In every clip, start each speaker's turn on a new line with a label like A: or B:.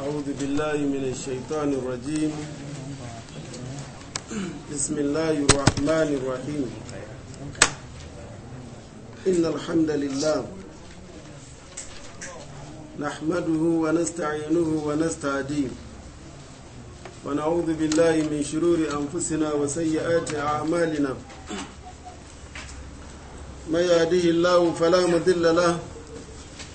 A: أعوذ بالله من الشيطان الرجيم بسم الله الرحمن الرحيم إن الحمد لله نحمده ونستعينه ونستهديه ونعوذ بالله من شرور أنفسنا وسيئات أعمالنا ما يهديه الله فلا مضل له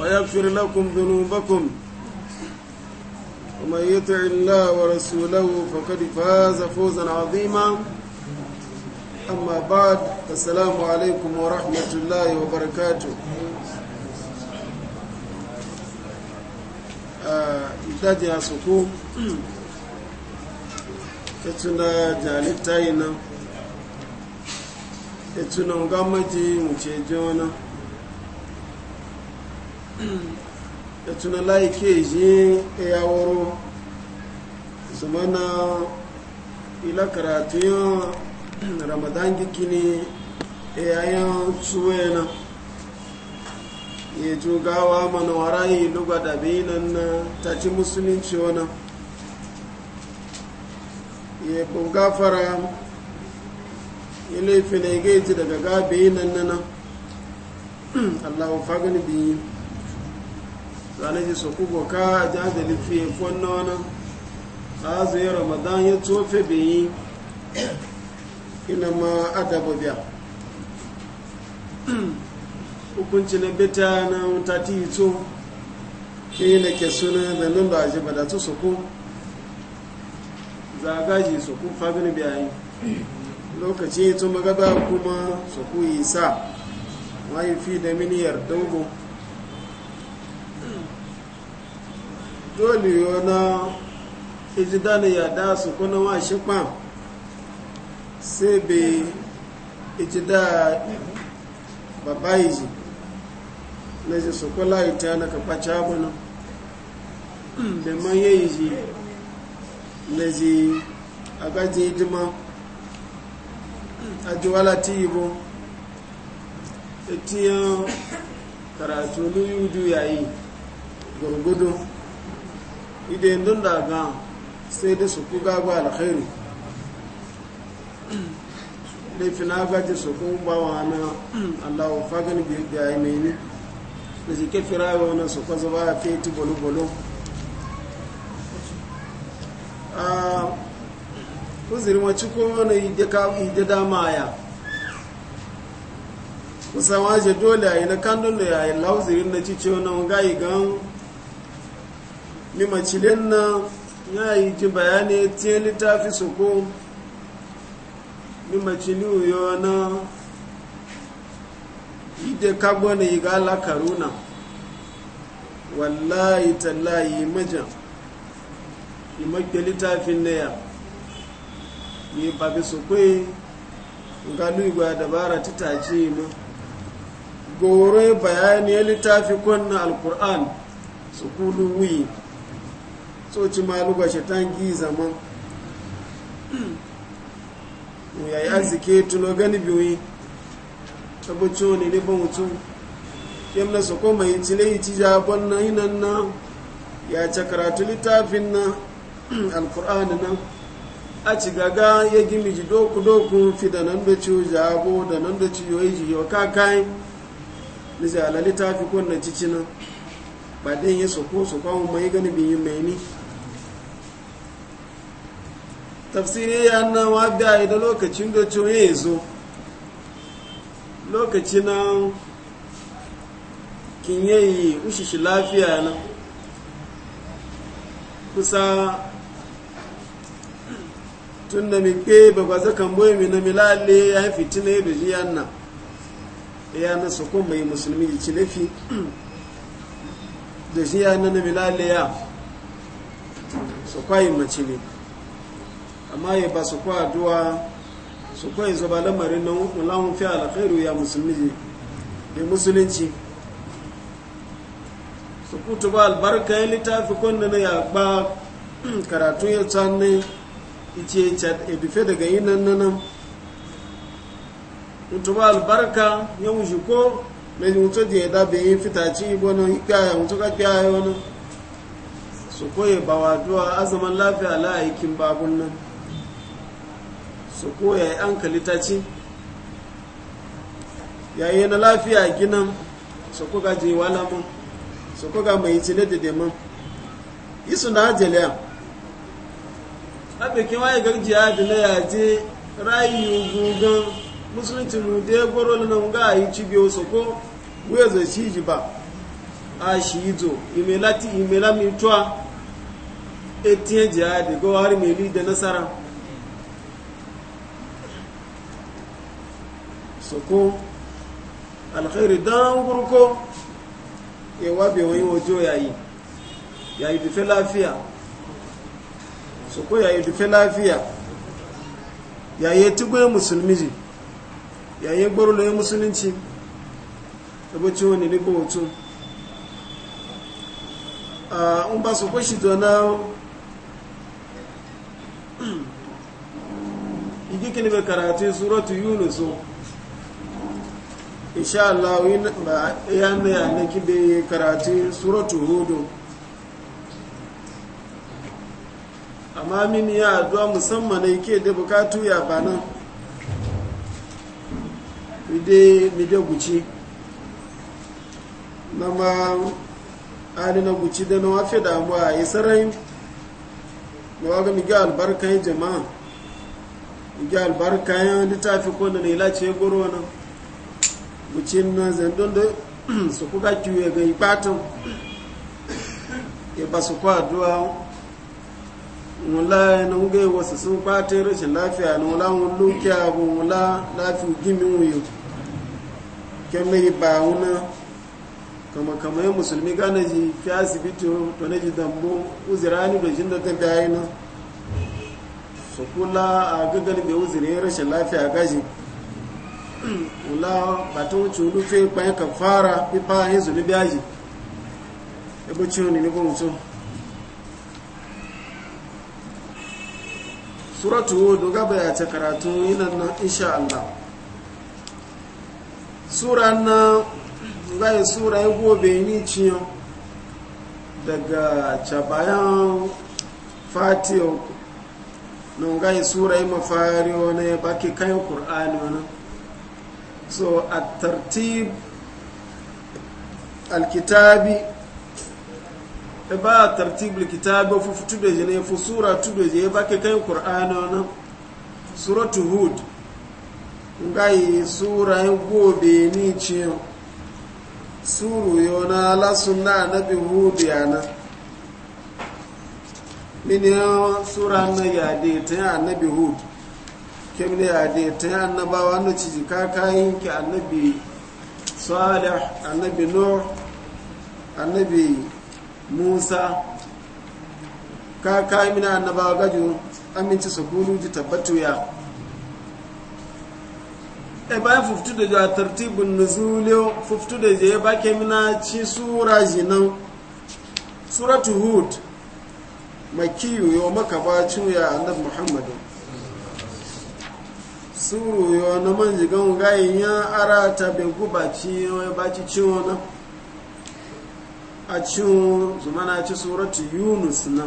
A: ويغفر لكم ذنوبكم ومن يطع الله ورسوله فقد فاز فوزا عظيما أما بعد السلام عليكم ورحمة الله وبركاته idadi a suku etuna jalita yi na etuna ga maji wuce jona ya tuna laike ji ya wuro zamana ila karatun ramadan gikini yayan ẹ̀nà ya jugawa mana warayi luga da binan na ta musulunci wana ya gafara ya laifin ya gaji daga gabi nan nan allahu fagani biyu zanaji su ka jajalin fiye fonna wani a zai ramadan ya tofe bayi ina ma adaba biya hukunci na beta na tati ito ke na ke suna da nan ba a ji badatu su zagaji su fabin biyayi lokaci ito magaba kuma su yi sa yi fi da miniyar dango dole yana ijidana ya da su kuna wa shi kwan sai bai ijida babba yi na ji su kula ita na kafa cabana da man yi ji na ji a gaji jima a jiwala ti yi bu itiyan e karatu luyu yayi gurgudu idan don da ga sai da su ku gagwa alkhairu da fina gaji su kun ba wa na allahu fagan da ya mai ne da jike firawa wani su kwazo ba a feti bolo-bolo a kuzirin wacce kuma wani ide dama ya kusa waje dole a yi na kandun da ya yi lauzirin na cice wani gayi gan ni macilin nan ya yi ki bayani tiye littafi su ko ni macili uyo na ide kagbo na iga lakaru na wallahi tallahi majan imakpe littafin na ya yi babi su kwe galu igwe dabara titaci ma gore bayani littafi kwanna alkur'an su kudu wuyi so ci ma luga shaitan gi zaman ya yi arziki tuno gani biyoyi tabbaci wani ne ban wutu yam na su koma yi cile yi ci jabon na nan na ya ce karatu littafin na alkur'ani na a ci gaga ya gimi ji doku doku fi da nan da ciwo jago da nan da ciwo yi ji jiyo kakai nisa ala littafi ko na cici na ba ɗin ya soko su kawo mai gani biyu mai ni tafsiri ya nan wadda idan lokacin da ya zo lokaci nan kin yi ushishi lafiya nan kusa tun da mipe babba zakan boye mi na milale ya yi fitina ya beji ya nan ya na sako mai musulmi ci lafi da shi ya nan na milale ya su yi mace ne amma ya ba su kwa duwa su kwa yanzu ba lamarin na lahun fi alkhairu ya musulmi da musulunci su kutu ba albarka ya littafi kwanda na ya ba karatu ya tsanne ice edufe daga yi nan nan kutu ba albarka ya wuce ko mai mutu da ya dabe yi fitaci gwanon yi ikaya mutu ka kyaye wani su koye ba wa duwa azaman lafiya la'aikin babun nan su koya ya an ce yayi na lafiya ginan su kuka je wala mun su kuka mai cile da demin isu na ajaliya abokin waye garjiya da na yaje rayu gugun musulunci mu da ya gwaro na nga a yi cibiyo su ko wuya zai shi ji ba a shi yi zo imela mi tuwa etiyan jihadi mai meli da nasara soko alkhairi dan gurko e wa be wani wajo yayi yayi dufe lafiya soko yayi dufe lafiya yayi tigwe musulmi ji yayi gboro lo musulunci tabo ci wani ne ko wato a un ba soko shi to na igi kini be karatu suratu yunus insha Allah ya mai annaki bai karatu suratu hudu amma min ya addu'a musamman ne ke da bukatu ya bana ide mide guci na ma na guci da na wafe abuwa a isarai da waga miga albarkan jama'a miga albarkan littafi ko da na ce goro nan wucin na zandon da su kuka kiwe ga ipatin ya ba su kwa duwa wula na wuga yi wasu sun kwatin rashin lafiya na wula wun lukiya bu wula lafi gimi wuyo kemgbe ba wuna kama kama yin musulmi gane ji fi asibiti to na ji dambo uzirani da jin da ta bayi na su kula a gagal bai uzire rashin lafiya gaji wula batun culu fe kpan ka fara pipa yin zuli biyaji ebo ciwo ni nibo mutu suratu doga baya ta karatu yana nan insha Allah sura na zai sura ya gobe ni ciyo daga cabayan fatiyo na ngai sura ya mafari wani baki kayan kur'ani wani so atartib tartib al-kitabi e ba tartib al-kitabi fu futude je ne fu sura tude je e ba ke kai qur'ana na suratu hud ngai sura en gobe ni ce suru na la sunna nabi hud yana min sura na ya de ta nabi hud kemne ya de ta annabawa no ci ka kayin ki annabi salih annabi nuh annabi musa ka kayi mina annabawa gaju aminci su kulu ji tabbatu ya e ba fuftu da ja tartibun nuzulio fuftu da je ba ke mina ci sura jinan suratu hud makiyu yau maka ba ya annabi muhammadu suru yo na manji gan gayi ya ara ta be guba ci ba ci ci wona a ci zumana ci suratu yunus na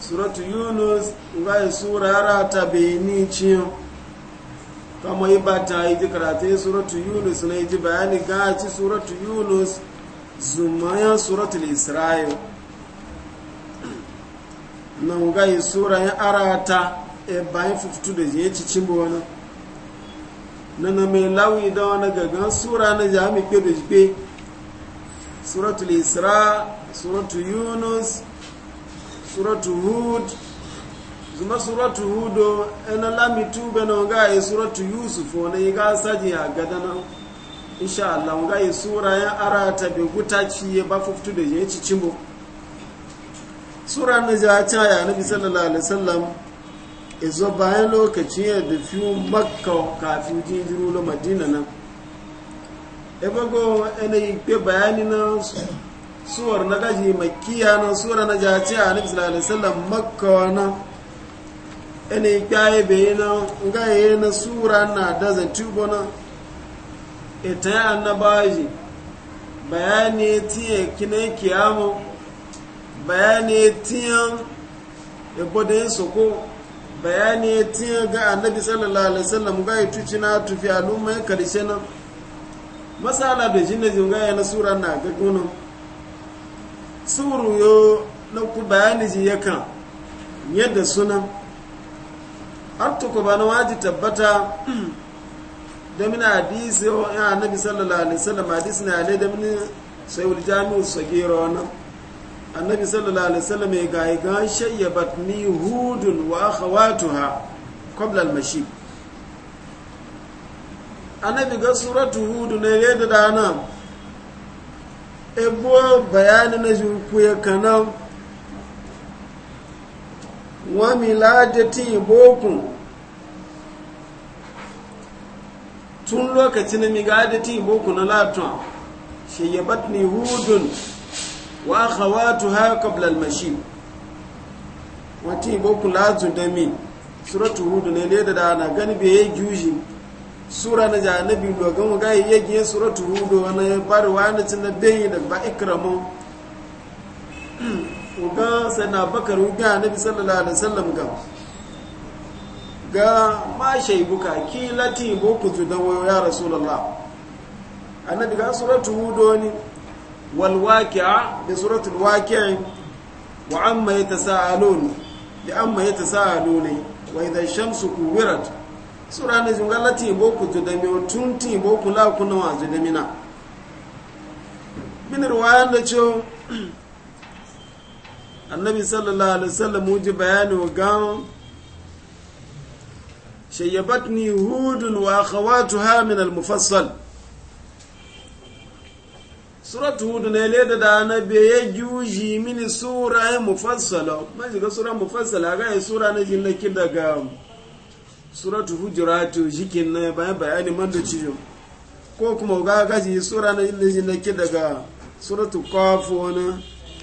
A: suratu yunus gayi sura ara ta be ni ci kama yi ba ta yi karatu suratu yunus na yi bayani ga ci suratu yunus ya suratul isra'il na gayi sura ya ara ta E, bayan 52 da ya ci cimbo wani nana mai lawi da wani gagan sura na jami ke da jibe suratul isra suratul yunus suratul hud zuma suratu hudu ena lami tube na nga ye suratu yusuf wani ona iga e saji gada gadana insha Allah nga ye sura ya ara ta arata guta e ci ya ba 52 da ya ye cicimbo sura na jihar ta ya nabi sallallahu alaihi wasallam izo bayan lokacin ya da fiye makka kafin jinjiru na madina nan ebago yanayi pe bayani na suwar na gaji makiya na suwar na jace a alif sallallahu makka na yanayi kyaye yi na gaye na suwar na daza tubo na ita e ya annabaji bayani tiye kine kiyamu bayani tiyan ebo da yin soko bayani ya tiya ga annabi sallallahu alaihi wasallam ga ya tuci na tufi alumma ya karshe nan masala da jinna jinga ya na sura na ga gunan suru yo na ku bayani ji ya kan yadda sunan har to ko bana waji tabbata da mina hadisi ya annabi sallallahu alaihi wasallam hadisi na alai da mini sai jami'u sagira wannan annabi sallallahu alaihi wasallam ya ga ga shayyabat ni hudun wa akhawatuha qabla al-mashi annabi ga suratu hud ne yadda da nan ebo bayani na jinku ya kana wa miladati bokun tun lokacin mi ga adati bokun na latun shayyabat ni hudun wa ha qabla al-mashi wati boku lazu dami suratu hud ne le da na gani be ye juji sura na ja nabi do ga mu ga ye gi suratu hud wana bar wa na tin da be da ba ikramu uga sana bakar uga nabi sallallahu alaihi wasallam ga ga ma shaibuka ki lati boku zu da ya rasulullah annabi ga suratu hud ne walwaƙi'a da suratul waƙi'in wa amma ya tasa'alun da amma ya tasa'alu ne wa idan shamsu kuwirat sura ne jungala tibo ku to da miyo tun tibo ku la kuna wa da mina min riwaya da cewa annabi sallallahu alaihi wasallam uji bayani wa gan shayyabatni hudun wa akhawatuha min al-mufassal suratu hudu na le da da na be ya juji mini sura ya e mufassala mai shiga sura mufassala ga ya sura na jin laki daga suratu hujuratu jikin na bayan bayani man da cijo ko kuma ga gaji sura na jin laki daga suratu qaf na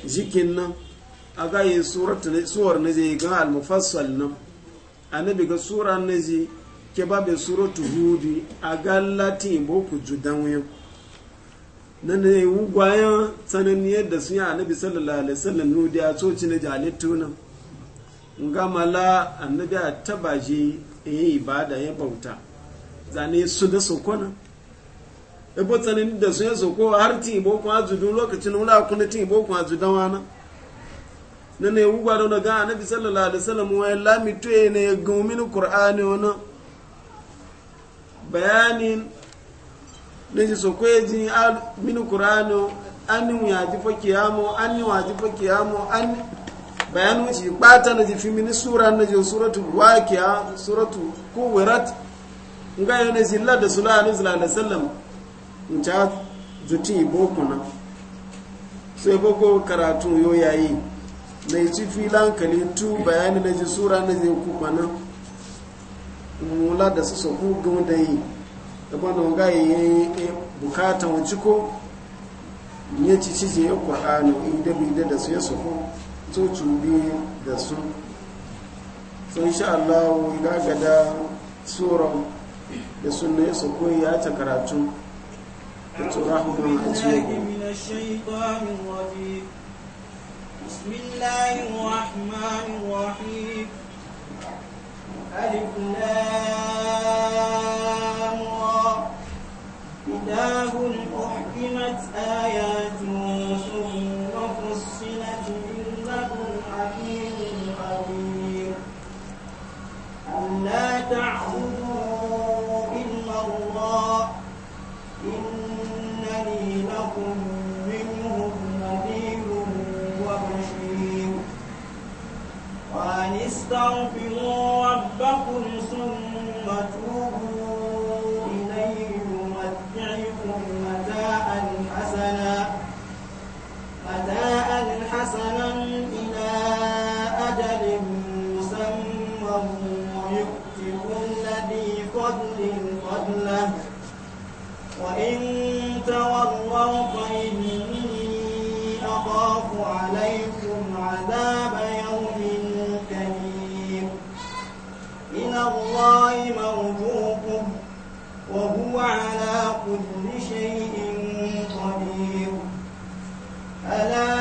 A: jikin na a ga yi suratu na suwar na zai gan al-mufassal a na biga sura na zai ke babin suratu hudu a ga latin boku judan wuyan na ne gwayan tsananiyar yadda sun yi annabi sallallahu alaihi wasallam nu da tsoci na jalittu nan nga mala annabi a taba je yi ibada ya bauta zane su da sokona ebo tsanani da sun yi soko har ti ibo kun azudu lokacin wula kuna ti ibo kun azudan wana nan ne wugwa da ga annabi sallallahu alaihi wasallam wa lamitu ne ya gumin qur'ani wana bayanin ne shi so kwaye ji mini kurano an ni wuya ji fa kiyamo an ni wa ji fa kiyamo an bayanu ci bata na fi mini sura na ji suratu waqiya suratu kuwirat nga yana zilla da sula alaihi wasallam in ta zuti boko na sai boko karatu yo yayi na yi fi lankali tu bayani na ji sura na zai mu mula da su ku gudun yi ibana ya eh, yi bukatan wuce ko ya ci cije ya ƙwa'ani inda da su ya suku to cubi da su sun sha Allah ga gada tsoron da suna ya suku ya ta karatu da tsoron da a cikin
B: بسم الله الرحمن الرحيم ألف كتاب أحكمت آياته ثم فصلت من لدن حكيم خبير ألا تعبدوا إلا الله إنني لكم منه نذير وبشير وأن استغفروا ربكم ثم توبوا حسنا إلى أجل مسمى ويؤتي كل ذي فضل فضله وإن تولوا فإني أخاف عليكم عذاب يوم كبير إلى الله مرجوكم وهو على كل شيء قدير ألا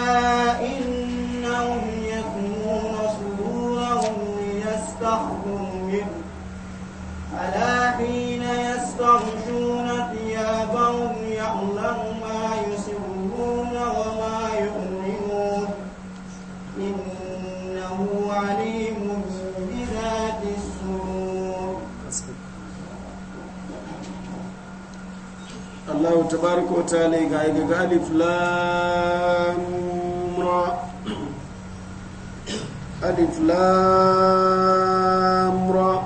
A: tabaraka wa ta'ala ga ga alif lam ra alif lam ra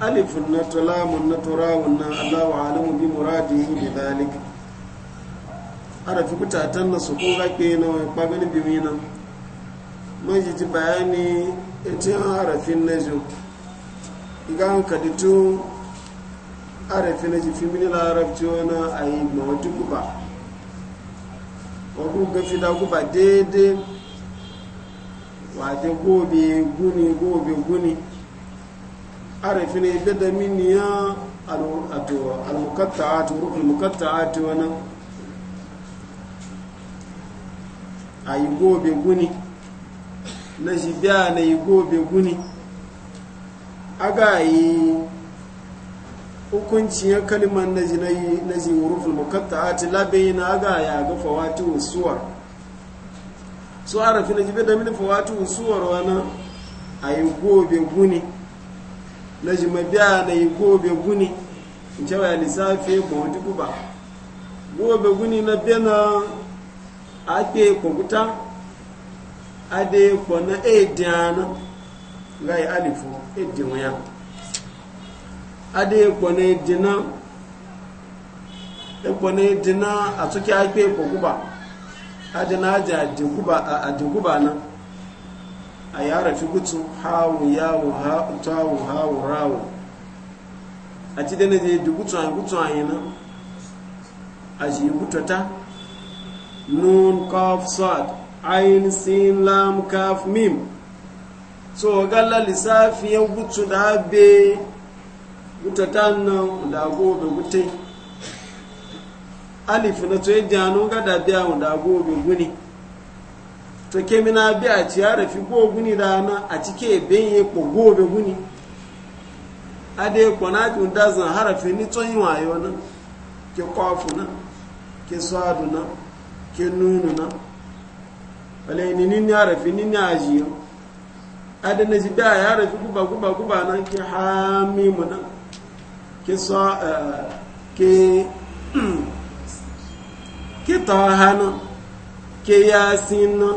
A: alif na talamun na turawun na Allahu alamu bi muradihi bi dhalik arafi kutatan na su ko gake na pagani bi ji majiji bayani etin harafin najm igan kaditu arafi na jifi mini larabci wani a yi mawajin guba wagun gafi da guba daidai wata gobe guni gobe guni arafi na ibe da mini ya almukatta a tu rukun mukatta a tu wani a yi gobe guni na shi biya na yi gobe guni aga yi hukunci ya kalimar na jinayi na jiwurufin mukatta a ti labe na ga ya ga fawati usuwar su arafi na jibe da mini fawati usuwar wani a yi gobe guni na jimabiya na yi gobe guni in cewa ya lissafi ba wata guba gobe guni na bena ake kwakuta ade kwana ediana ga yi alifu edin wayan a ekpone dina na akpa ekpoguba adina aji adiguba na a ya rafi gutu hawu yawu ha tawu hawu rawu a ci dana je dugutu an anyị na yana a ji gutata nun kaf sad ayin sin lam kaf mim so galla lissafi ya gutu da be kutatan nan da gobe gute alif na tsoye yadda anu ga da biya mu da gobe guni to ke mina bi a ci ya rafi go guni da na a cike ben ye ko gobe guni ade ko na ju da zan harafi ni tso yin wayo na ke kwafu na ke sadu na ke nunu na wale ni ni harafi ni ni ajiyo ade na ji biya ya rafi guba guba guba na ke hamimu na kisa ke ke taha na ke yasin na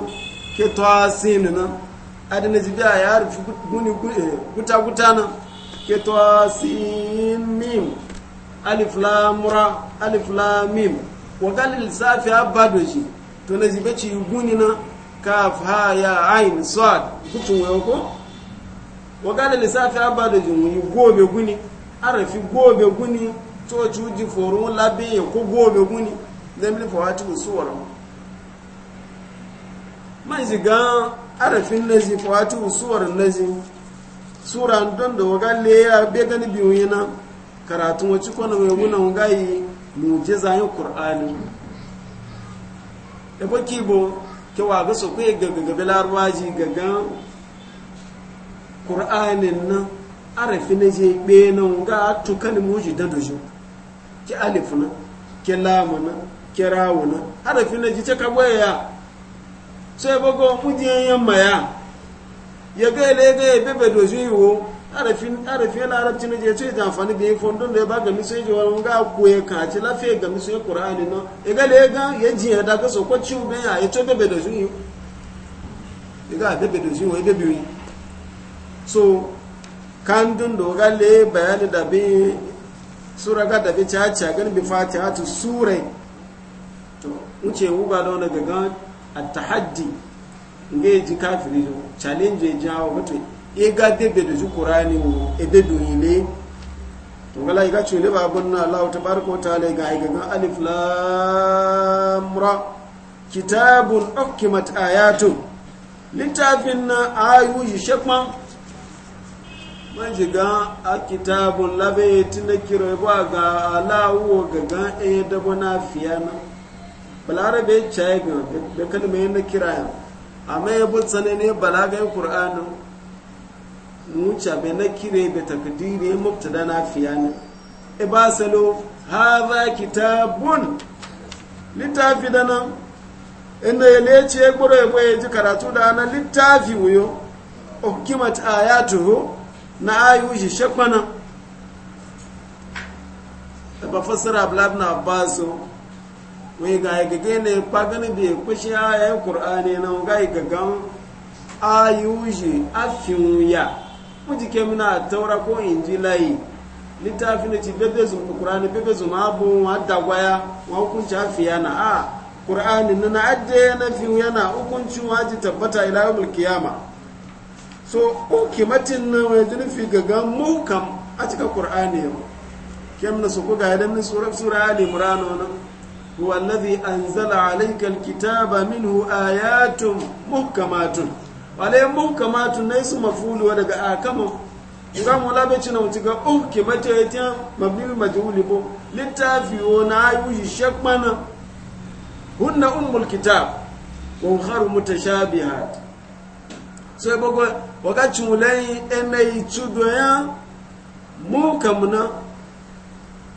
A: ke tasin na adana jibi a ya rufi guni guta-guta eh, na ke tasin mim alif lamura alif lamim wakalin lissafi abado shi to na jibe ci guni na kaf ha ya ain swad gutun wayo ko wakalin lissafi abado shi gobe guni arafi gobe guni to cuji forun labe ya ko gobe guni zan bi fawati usuwar man ziga arafin nazi fawati usuwar nazi sura don da waga leya be gani biyu yana karatun wacce kwana mai guna wugayi mujiza yin qur'ani da e baki bo ke wa ga so ko gagagabe larwaji gagan qur'anin nan arafi na je ɓe nan ga tukani muji da dojo ki alif na ki lamu na ki rawu na arafi na je cika boye ya so ya bago mujiyan yamma ya ya ga ile ga ya bebe dojo yiwo arafi yana arabci na je ce ta amfani da yin fondon da ya ba gami sai jewa ga koye ka ci lafiya gami sai qur'ani na ya ga ile ga ya da ga so ko ciwo ben ya ya to bebe dojo yi. ga bebe dojo yiwo ya bebe so kan dogon do bayani da bi sura ga da bi ta ta gan bi fatiha tu sura to wuce wuga da wani gaga at-tahaddi nge ji kafiri do challenge jawo wato e ga de da ji kurani wo e be do ile to gala iga chule ba bunna ta tabaaraka wa ne ga yi gagan alif lamura kitabun kitabun ukkimat ayatu littafin na ayu shekman man shiga a kitabun labe tun kiro ba ga alawo ga gan e da bana fiya na bai chai ga da kalma yana kira ya amma ya tsane ne balaga qur'ani mucha bai na kire be mafta da na fiya na e ba salo hadha kitabun da nan inda ya lece ya gboro ya ji karatu da ana littafi wuyo ukimat ayatuhu na ayu shi shakwana da ba fassara ablab na su wai ga gage ne pagani bai kushi ayayin kur'ani na ga gagan ayu shi afin ya mujike a taura ko layi littafi da ci bebe zuwa qur'ani bebe zuwa abu wa dagwaya wa hukunci afiya na a kur'ani na na ajiye na fiye yana hukuncin waji tabbata ila yawmul qiyamah so hukimatin wa wai fi gaga mukam a cika qur'ani yau kem na su kuga idan ni sura sura ali imran nan huwa alladhi anzala alayka alkitaba minhu ayatun muhkamatun wale muhkamatun ne su mafulu daga akamu za mu labe cina mu tiga hukimata oh, yatin mabni majhuli bo littafi na ayu shakmana hunna ummul kitab wa ukharu mutashabihat so bago wakati wulai ene itudo ya muka muna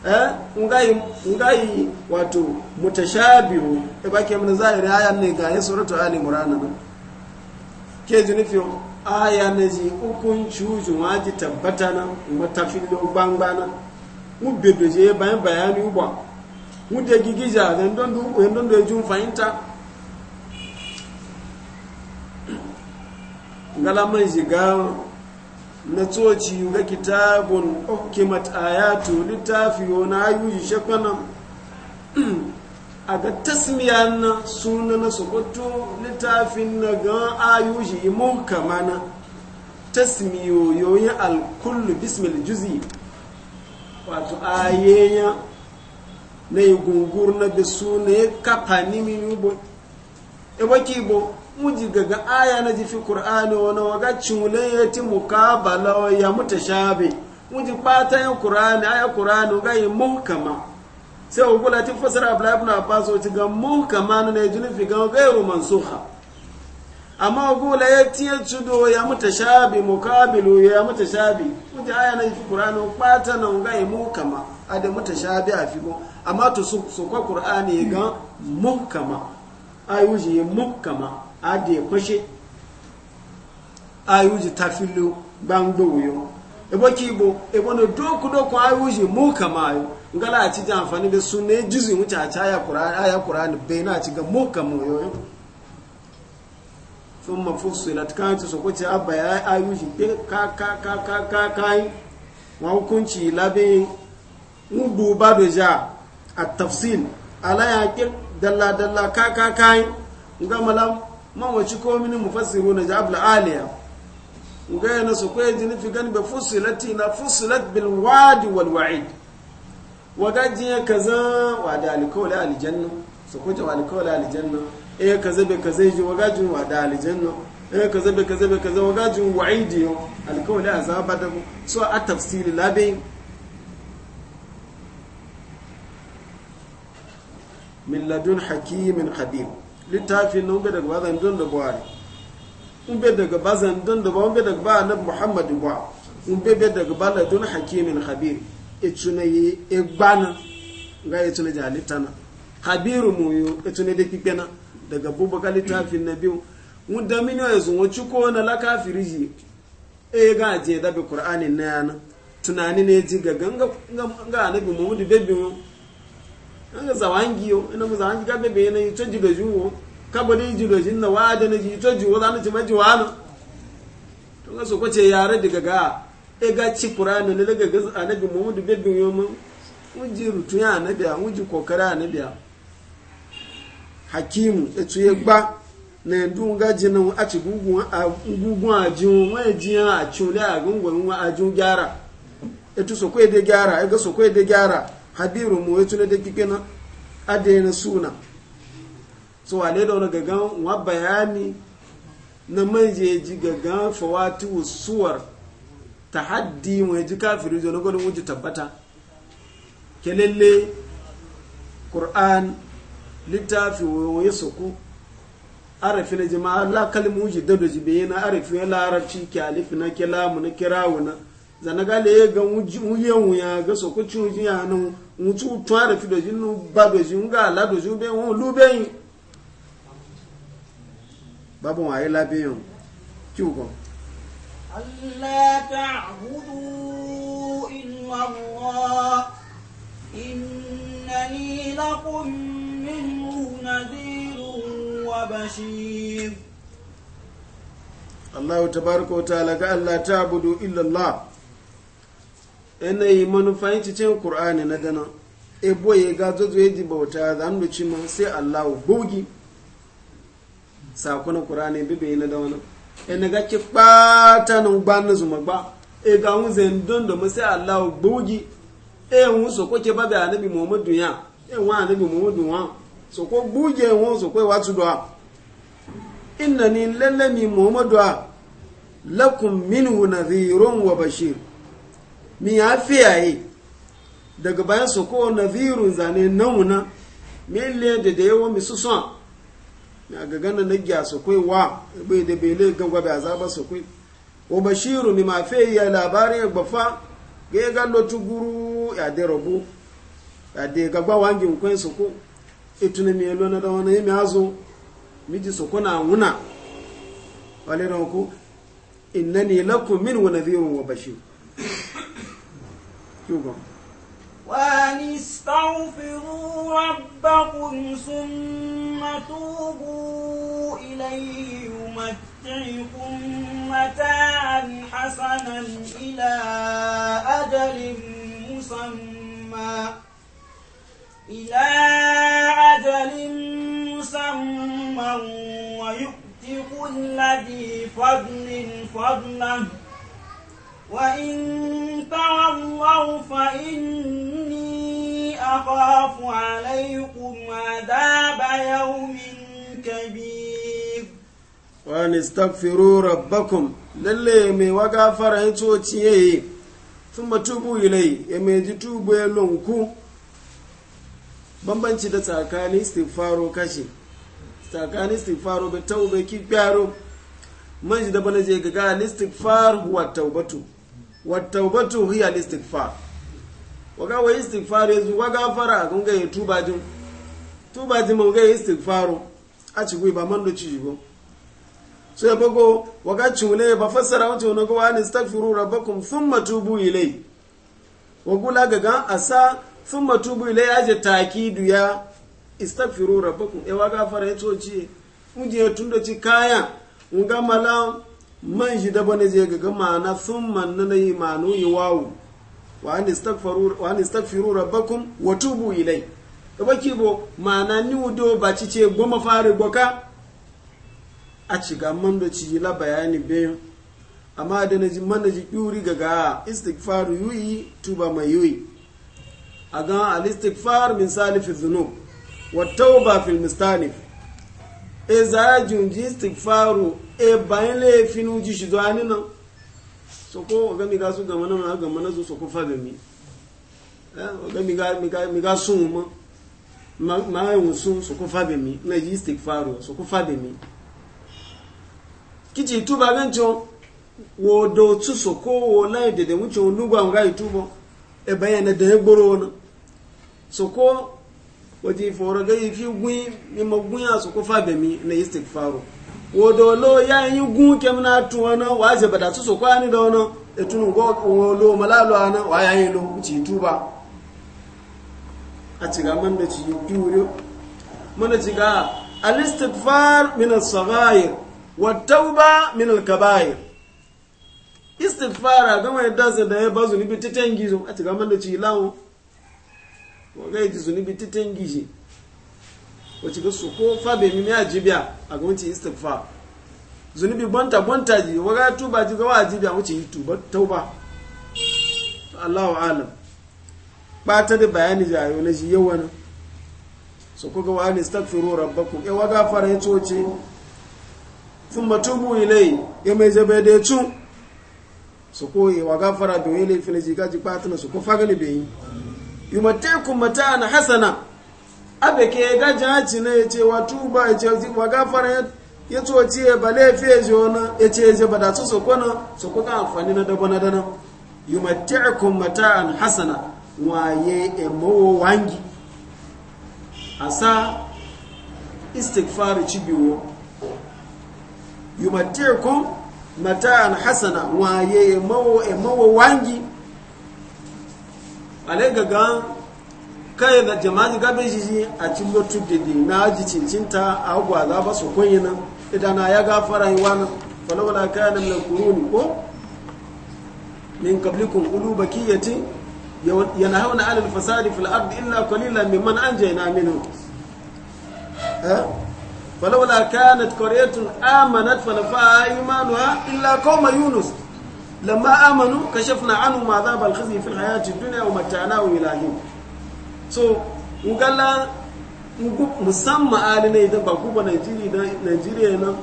A: eh ungai ungai wato mutashabihu e bake mun zahiri aya ne ga suratu ali imran na ke ji nufi aya ne ji ukun chuju waji tabbata na mutafillo bangbana mu bedo je bayan bayani uba mu de gigija ga ndondo ndondo ejun fahimta galaman shiga na tsoci ga kitabun okimat ayatu littafi na ayu shi shakwanan a ga tasmiya na suna na sokoto littafin na ga ayu shi kama na tasmiyoyoyin alkullu bismil juzi wato ayenya na yi gungur na bisu na ya kafa nimi yubo ebe ki bo uji gaga aya na jifi ƙur'ani wani waga cule ya ti mukabala ya shabe uji pata ya qur'ani aya qur'ani ga yi muhkama sai ugula ti fasara abu laifin abbas o ti ga muhkama ne jini fi ga gairu mansukha amma ugula ya ti ya cudo ya mutashabi mukabilu ya mutashabi uji aya na jifi qur'ani pata na ga yi muhkama muta mutashabi a figo amma to su kwa qur'ani ga muhkama ayuji wuji muhkama ha ade kwashe ayuji tafilu gbangbo wuyo ebo kibo ebo no doku doku ayuji mu kamayo ngala a ci amfani da sunne jizi wuce a ci aya qur'ani bai na ci ga mu kamayo sun mafusu na tukanin su kwace abba ya ayuji ka ka ka ka ka kai wa hukunci labin wudu ba da ja a tafsil ala yakin dalla dalla ka ka kai ga malam man wace komini mufassiru na jabla aliya gaya na su kwaye jini fi gani bai fusilati na fusilat bil wadi wal wa'id wagajin ya kaza wa da alikawali alijanna su kuce wa alikawali alijanna eh kaza bai kaza ji wagajin wa da alijanna eh kaza bai kaza bai kaza wagajin wa'idi yau alikawali azaba da so a tafsiri labe min ladun hakimin khabir littafin na umbe daga bazan don da un umbe daga bazan don da ba umbe daga ba na muhammadu ba umbe bai daga bala don hakimin khabir etuna yi egbana ga ja jalitana habiru mu yo da pipe na daga bubaka littafin na biyu mun da mini ya zuwa ciko na laka firiji e ga je da bi qur'anin na yana tunani ne ji ga ganga ga annabi muhammadu bebbi anga hangi yo ina mu zawangi ka bebe na yito jido juwo ka bode jido jin na wa da na yito juwo za na ci maji wano to ga so ko ce yare daga ga e ga ci qur'ani ne daga ga annabi muhammadu bebe yo mu ji rutu ya annabi a muji kokara annabi a hakimu etu ye gba na ndu nga ji na a ci gugun a ji won e ji a ci le a gungun wa a ji gyara etu so ko e de gyara e ga so ko e de gyara habiru mu ya tuna da kike na suna so wale da wani gagan wa bayani na manje ji gagan fawati suwar haddi mu ya ji kafiru zo na gudun wuce tabbata ke lalle ƙur'an littafi waye soko arafi na jima'a la kalmu ji dado ji bayyana arafi ya larabci ke alifi na ke lamu na kira wuna zanaga ya ga wuyen wuya ga soko cin ŋutsu tún àrẹ̀fi dòjì nù bá dòjì ń gà àlá ń bẹ́ wọn lú bẹ́yìn bábà wọn ayé lábẹ́ yàn kí o
B: aláta àbúrú inú nínú nàdírù
A: tabarikọ̀ ta alága aláta àbúrú yanayi manufayin cikin Kur'ani na dana ebo ya e ga zozo ya e bauta za mu ci ma sai Allah gogi sakuna Kur'ani bibe na da wani ina ga ki bata nan ba na zuma ba e ga mu zan don da mu sai Allah gogi e mu so ko ke babe anabi Muhammadu ya e wa annabi Muhammadu wa so ko buje won so ko e watu doa innani lallami Muhammadu lakum minhu nadhirun wa bashir min ya fiyaye daga bayan su ko na virun zane nauna min mele da da yawon misu son na ga gana na gya su kai wa bai da bele ga gangwa bai zaba su kai wa bashiru ni ma fiyaye labarin ya gbafa ga ya tu guru ya da rabu ya da gagba wangin kwen su ko ituna mi yalo na da wani yi mi miji su kuna wuna wale na ku innani lakum min wa nadhirun wa bashiru كيوغم
B: وأن استغفروا ربكم ثم توبوا إليه يمتعكم متاعا حسنا إلى أجل مسمى إلى أجل مسمى ويؤتق الذي فضل فضله وإن تعلوا فإني أخاف عليكم عذاب يوم كبير
A: وأن استغفروا ربكم للي مي وغافر ثم توبوا إليه يمي جتوبوا لنكو bambanci da tsakanin istighfaro kashi tsakanin istighfaro bai taube ki gyaro man shi da bane je ga istighfar huwa taubatu wattaubatu hiya al-istighfar waga wa istighfar yanzu waga fara gunga ya tuba jin tuba jin mun ga istighfaro a ci gui ba man do ci go so ya bago waga cune ba fassara wato wani ga wani astaghfiru rabbakum thumma tubu ilay wa kula ga ga asa thumma tubu ilay aje takidu ya istaghfiru rabbakum e waga fara ya toci mun je tun do ci kaya mun ga malam man shi da bane zai gaga ma'ana sun manna na yi ma'anu yi wawu wa an istagfiru rabbakum wa tubu ilai ka baki bo ma'ana ni wudo ba ci ce goma fari gwaka a ci ga man da ci la bayani bayan amma da na ji man ji yuri gaga istighfaru yuyi tuba mai yuyi a ga al min salifin zunub wa tauba fil ezajun ji istighfaru e bayan laifin ji shi zuwa nina so ko ga su gama na eh, ga mana zo so ko fa mi eh ma ma yi sun so ko na ji istighfaru so ko fa mi tuba gancho wo do tu so ko wo lai e dede mu cho nga itubo e bayan da gboro na so waje foro ga yi fi gun ni ma gun ya su ko fa be mi na istighfaru wo do lo ya yin gun kem na tu ona wa je bada su so kwani do no etunu go wo lo malalo ana wa ya ci a ci ga man da ci duro mana ci ga al istighfar min as saghair wa tauba min al kabair istighfara ga da ya bazu ni bi a wọ́n ji zunubi titin gishi wacce ga su ko fa bai mimi a jibiya a ga wuce istighfar zunubi bonta bonta ji waga tuba yìí ga wa wuce yi tuba tauba Allahu alam bata da bayani jayo na shi yawan wa ne stagfiro rabbakum e ya fara ya ya ya ko fara jikaji patana su ko bai yi yumataikum mata'an hasana abe ke ga jaci na ya ce wato ba ya ce wa gafara ya tsoci ya bale fiye ya ji ba da su su kwana su ko ga amfani na dabana dana yumataikum mata'an hasana waye emo wangi asa istighfar cibiwo yumataikum mata'an hasana waye emo emo wangi ale gaga kai da jama'i bi shi a cin lotu da na ji cincinta a za ba su kunyi nan idan ya gafara yi wani la kana min al ko min qablikum ulubakiyati bakiyati yanahuna 'anil fasadi fil ardi illa qalilan mimman anjayna minhu eh la kanat qaryatun amanat falafa imanuha illa qauma yunus lamma amanu kashafna anhu ma za bal khizi fil hayati dunya wa mata'nahu ila yawm so ugalla musamman alinai da ba kuma Najeriya nan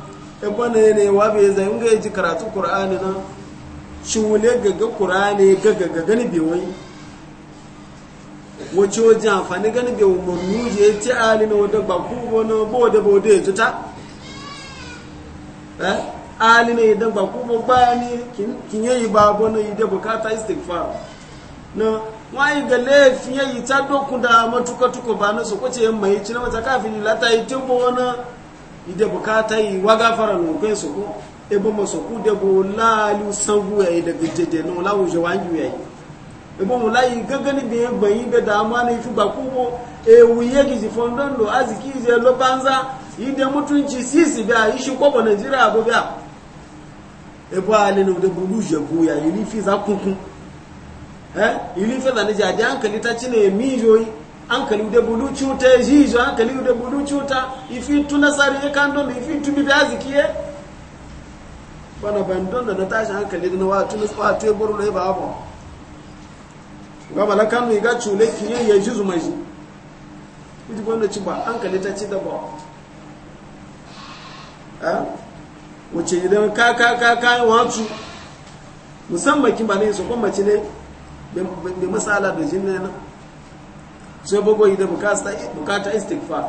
A: ebe na ne wa bai zai ji karatu Qur'ani nan shi wule gaga Qur'ani gaga gaga ni bai wai wace wajen amfani gani bai umarnu je ti alina wadda ba kuma na bo da bo da ya eh ali ne idan ba kuma bayani kin yayi ba gona ide bukata istighfar na wai ga laifin yayi ta doku da matuka tuko ba na so kwace yan mai cin mata kafin lata yi timbo wona ide bukata yi wa gafara no kai so ko e bo mo so ku de bo la lu sangu yayi da gidede no la wuje wanju yayi e bo la yi gagani bi yan gbayin be da ne ifi ba kuma ewu yegi ji fondondo aziki je lo banza ide mutunci sisi ba yi shi ko ba Najeriya ba ba ebo ale ne de bulu jago ya yili fi za kunkun eh yili fi za ne jadi hankali ta cine mi joyi hankali de bulu cuta ya jijo hankali de bulu cuta ifi tuna sari ya kando ne ifi tumi bazi kiye bana ban don da tashi hankali da na wa tuna tsawa te buru ne ba abu ga kan mi ga cule kiye ya jizo mai ji ita gwamnati ba hankali ta ci da ba eh wace idan ka ka ka ka wacu musamman kin ba ne su kuma mace ne da ala da jinna nan sai bugo ida bukata bukata istighfar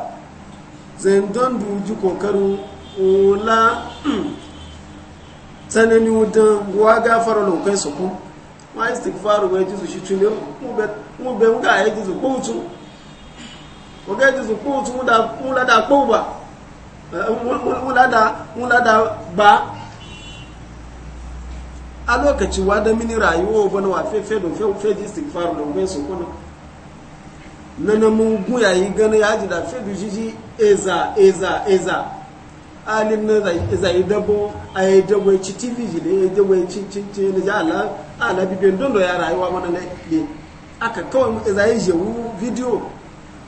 A: zan don duji kokaru ola tsanani wutan wa gafara lokai su kun ma istighfaru ga jisu shi tuni mu be mu ga ya jisu ko wucu ko ga jisu ko wucu mu da mu da ko ba wulada wulada ba a lokaci wa da mini rayuwa wani wa fe don feji istighfar don bai su kuna na na mun guya yi gani ya ji da du jiji eza eza eza alim na eza yi dabo a yi dabo ci tv jile ya yi dabo ya ci ci ci na ji ala ala bibin don da ya rayuwa mana na ne aka kawai eza yi jewu video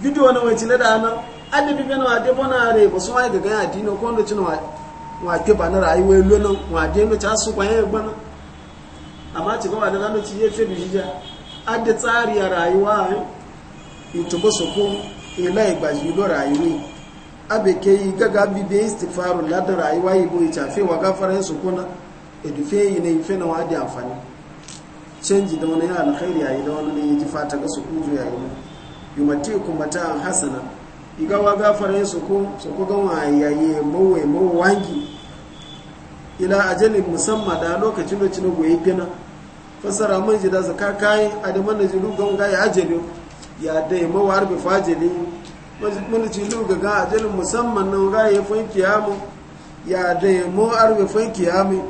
A: video na wani cile da ana annabi bena wa de bona re bo so ga ga adino ko ndo chino wa te ba na rai we lo no wa de no cha su kwa ye gba no amma ci gaba da nan ci ye fe bi jija adde tsari ya rayuwa yutubo eh. so ko ila e igba e ji lo rayuwa abeke yi gaga bi be istighfaru la da rayuwa yi bo ita fe wa gafara su kuna edufe yi na ife na wa de amfani canji da wani alkhairi yayi da wani ne ji fata ga su kuju yayi yumatikum mata'an hasana igawa gafara su ko su ko gama yayi mawa wangi ila ajalin musamman da lokacin da cinu goyi gina fasara mun ji da zaka kayi a da jiru gan ga ajali ya da dai mawa bi fajili mun ji lu ga ajalin musamman nan ga ya fun kiyamu ya da dai mawar bi fun kiyamu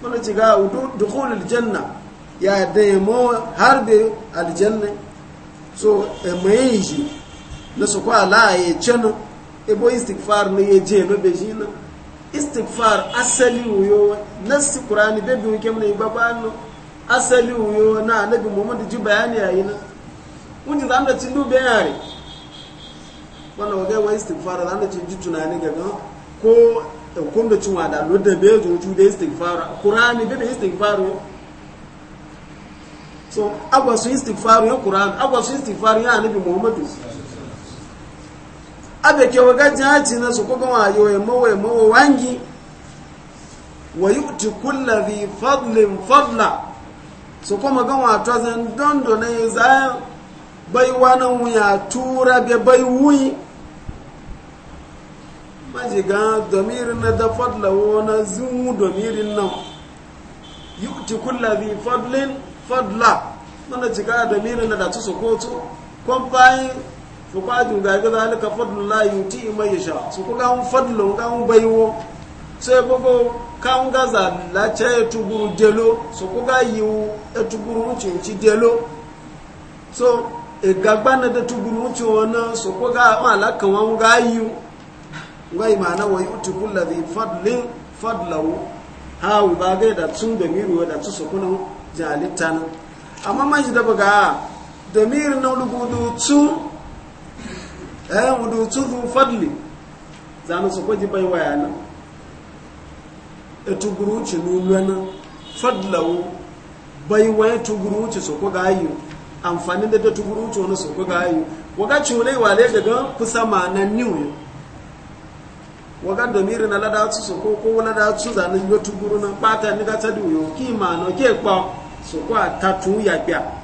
A: mun ji ga dukhulul janna ya dai mawa bi aljanna so eh, mai yi na su kwa laye cenu ibo istighfar ne ya je no beji no istighfar asali uyo nas qur'ani be bi ke mun babano asali uyo na annabi muhammad ji bayani yayi na mun ji zanda ci dube yare wannan wagai wa istighfar zanda ci ji tunani ga ko hukum e, da cinwa da lodda be juju da istighfar qur'ani be da istighfar so agwasu istighfar ya qur'an agwasu istighfar ya annabi muhammad abeke ke waga jaji na su ayo wayo ya wangi wa yi uti kulla zi fadlin fadla su kuma ga wata zan dondo na yi zayan bai wani wuya tura bai bai wuyi ga domirin na da fadla wona zinu domirin nan yi uti kulla zi fadlin fadla mana jiga domirin na da su su kotu kwan to kwa jin ga ga zalika fadlullahi yuti man yasha su ku ga fadlun ga baiwo sai gogo kan ga za la ce tuguru delo su ku ga yiwu etuguru cinci delo so e gagba na da tuguru ci wani su ku ma alaka kan wan ga yiwu ga imana wa yuti kulladhi fadlin fadlahu ha u ba ga da tun da miru da tsu su kunan jalitan amma man ji da baga da mirin na lugudu tun eh mudu tufu fadli zanu su kwaji bai waya nan etu guru ci nulwana fadlawo bai waya tu guru ci su ko gayu amfani da tu guru ci wani su ko gayu waga cule wale daga kusa ma nan niwe waga domiri na lada su su ko ko lada su zanu yo tu guru na pata ni ga ta duyo ki ma na ke pa su ko atatu ya pia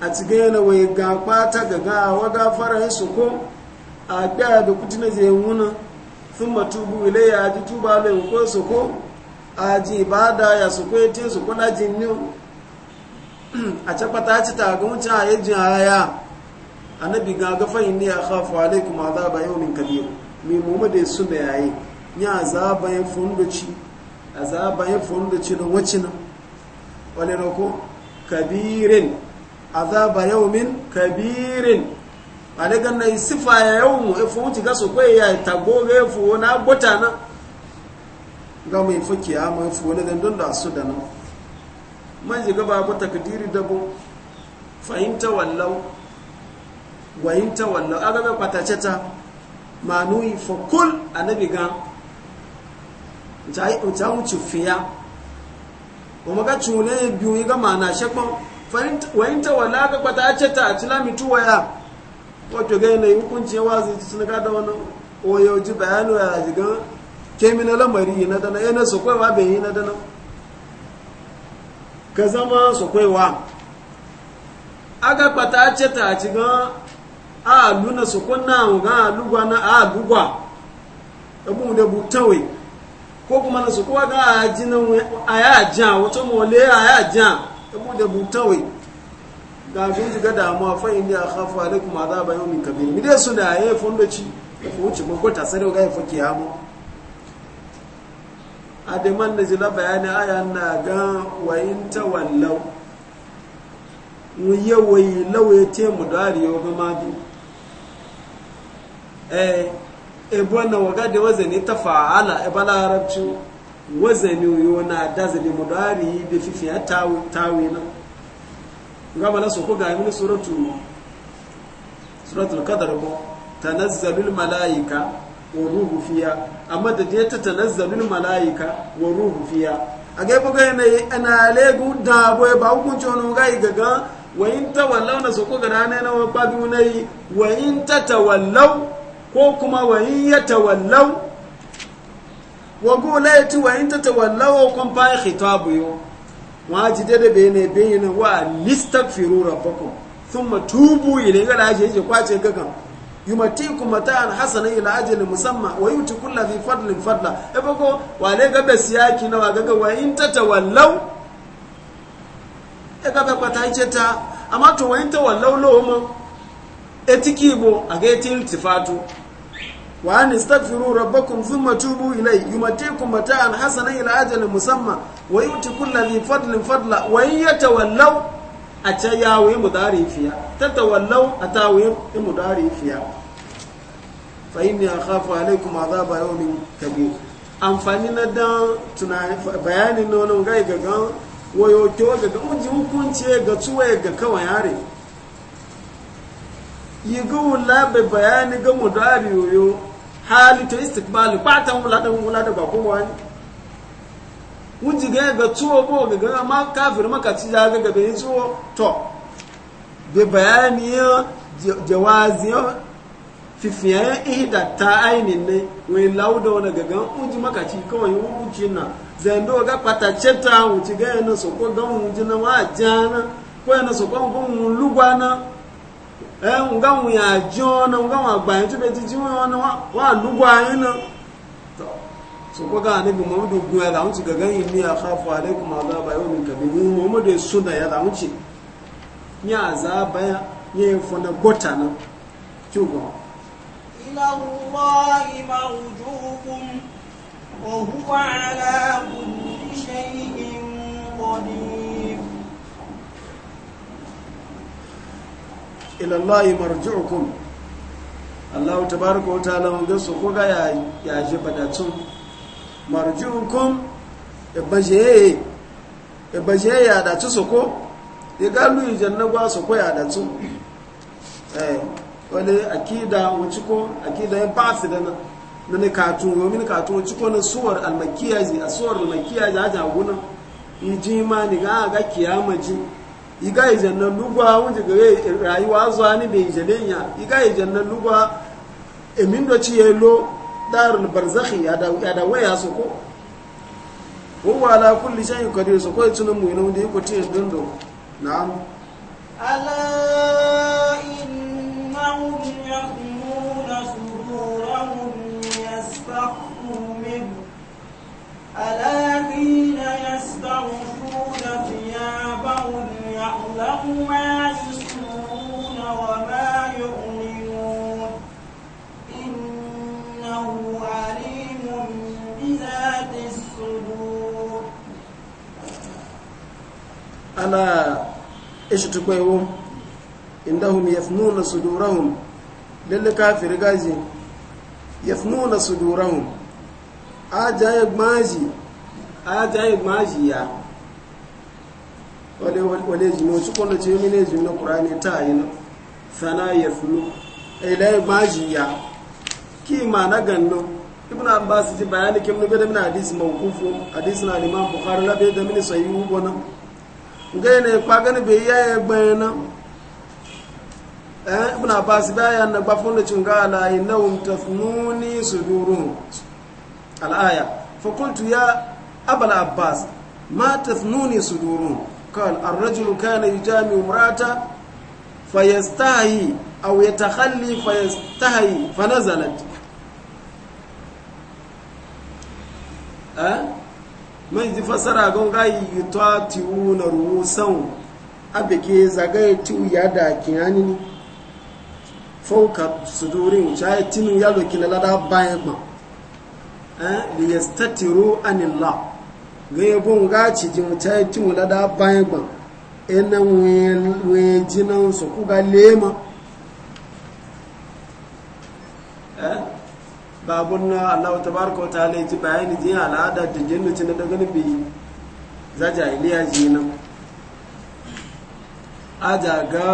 A: a cikin na wai ga kwata ga gawa fara yin su ko a ɗaya da kuti na zai wuna sun matubu ile ya ji tuba mai ko su ko a ji ba da ya su ko yace su ko na ji ni a ce kwata ci ta ga wucin a yajin haya annabi ga ga fahim ni a khafu alaikum azaba yawmin kabir mai su da yayi ya azaba yin funduci azaba yin funduci da wacin wani rako kabirin azaba yawmin kabirin alegan na sifa ya yawmu efu wuti gaso kwe ya tago ga efu na gota na ga mai fuki ya mai fu wani dandon da su da nan man ji gaba ba takdiri dabo fahimta wallau wahimta wallau aga ga kwatace ta manui fa kul annabi ga ta ta mu cifiya kuma ga cune biyu ga mana shekwan wayinta wala ka kwata ce ta a cila mitu waya wato ga yanayi hukunci yawa zai ci suna kada wani oyoji bayanu ya jiga kemi na lamari na dana yana eh, su kwaiwa bai yi na dana ka zama su kwaiwa aga kwata ce ta a ciga a luna su kunna ga alugwa na a alugwa abu da butawe ko kuma na su ga a jinan a ya yajan wato mole a ya yajan abu da mutawai ga abin ji ga damuwa fa in ya khafa alaikum min kabiru mide su da ya yayi fondoci ko wuce ko kota sai ga fa kiyamu ademan da jila bayani aya na ga wayin wallau mu wayi lauye te mu dariyo eh, e ga mabi eh ebona waga da wazani fa'ala ebala arabci wazani yona dazali mudari bi fifi ya tawi tawi na ngaba la soko ga min suratu suratul qadr ko tanazzalul malaika wa ruhu fiya amma da ta tanazzalul malaika wa ruhu fiya ga ko ga ne ana legu da bo ba ku chono ga igaga wa in na soko ga rana na wa ba bi wa in tatawallaw ko kuma wa in yatawallaw wago laiti wa in tatawallaw kun fa khitabu yo wa ji dede be ne bai yin wa listaghfiru rabbakum ma tubu ilayhi ga laje je kwace gagan yumatikum mata'an hasanan ila ajalin musamman wa yuti kullu dhi fadlin fadla e bago wa le ga be siyaki na wa gaga wa in tatawallaw e ga be kwata ce ta amma to wa in tawallaw lo mo etiki bo aga etin tifatu wa an istaghfiru rabbakum thumma tubu ilayhi yumatikum mata'an hasanan ila ajalin musamma wa yuti kulli dhi fadlin fadla wa in yatawallaw atayawi mudari tatawallaw atawu mudari fa inni akhafu alaykum adhaba yawmin kabir amfani na da tuna bayanin nonon gai gagan wayo kewa gaga uji hukunci ga tsuwaye ga kawai yare yi ga wula bayani ga mudari yoyo hali to istikbali patan wuladan wuladan ba kuma wani wuji ga ga tuwo bo ga ga ma kafir maka ci ga ga bai tuwo to be bayani jawazi fifiyan ihda ta aini ne wai lauda wani ga gan uji maka ci kawai wuci na zando ga patace ta wuci ga yana so ko gan wuji na ma jana ko yana so ko gan lugwana Eh, nga ŋun yà jẹ́ ọ́nà nga wọn àgbà yẹn tó bẹ ti jí wọn ọ́nà wọn àlúgbọ́ ayé náà tó sọ́kọ́ ká níbi mọ́mọ́dé ogun yà láwọn ti gàgán yìí ní àkáfọ àlékùn àzába yóò mi kàbí ní mọ́mọ́dé sódà yà láwọn ti ní àzába yà yẹ tí
B: ilà wúwá ìmà òjò òhun
A: ila Allah marji'ukum Allah tabaraka wa ta'ala mun gaso ko ga ya je badatun marji'ukum e baje e baje ya da tu soko e ga lu janna gwa soko ya da tu eh wani akida mu ciko akida ya pass da na na ne katun ne ka tu ciko na suwar almakiyaji a suwar almakiyaji a jagunan jima ni ga ga kiyama iga ijannan lugwa wunji ga rayuwa zuwa ni bai ijanen ya iga ijannan lugwa emin da ci yelo darul barzakhi ya da waya su ko wa ala kulli shay'in qadir su ko tunan mu ina wanda yake ce dondo na'am
B: ala
A: shi tukwayo nuna su sudurahum lalle kafir gaji yafnuna sudurahum ajaye maji ajaye maji ya wale wale jino su kono ce mine jino qur'ani ta yin sana ya yafnu ilai maji ya ki ma na gando ibn abbas ji bayanikin nubi da mini hadisi mawukufu hadisi na imam bukhari labe da mini sayi wannan ngai ne kwa gani bai yaye bayana eh ibn abbas baya na ba funda cinga ala innahum tafnuni suduruhum al aya fa qultu ya abala abbas ma tafnuni suduruhum قال الرجل كان يجامع امراته فيستحي او يتخلي فيستحي فنزلت أه؟ mai ji fasara gon gayi yuta tiwu na san abu ke zagaye tiwu ya da kinani ni fauka sudurin shaye tinu ya doki na lada bayan ma da eh, ya statiru anilla ga ya bon gaci ya shaye tinu lada bayan ma ina wajen jinan su kuga lema babun Allah tabaraka wa ta'ala ji bayani ji al'ada da jinnuci na daga nufi za jahiliya ji nan a ga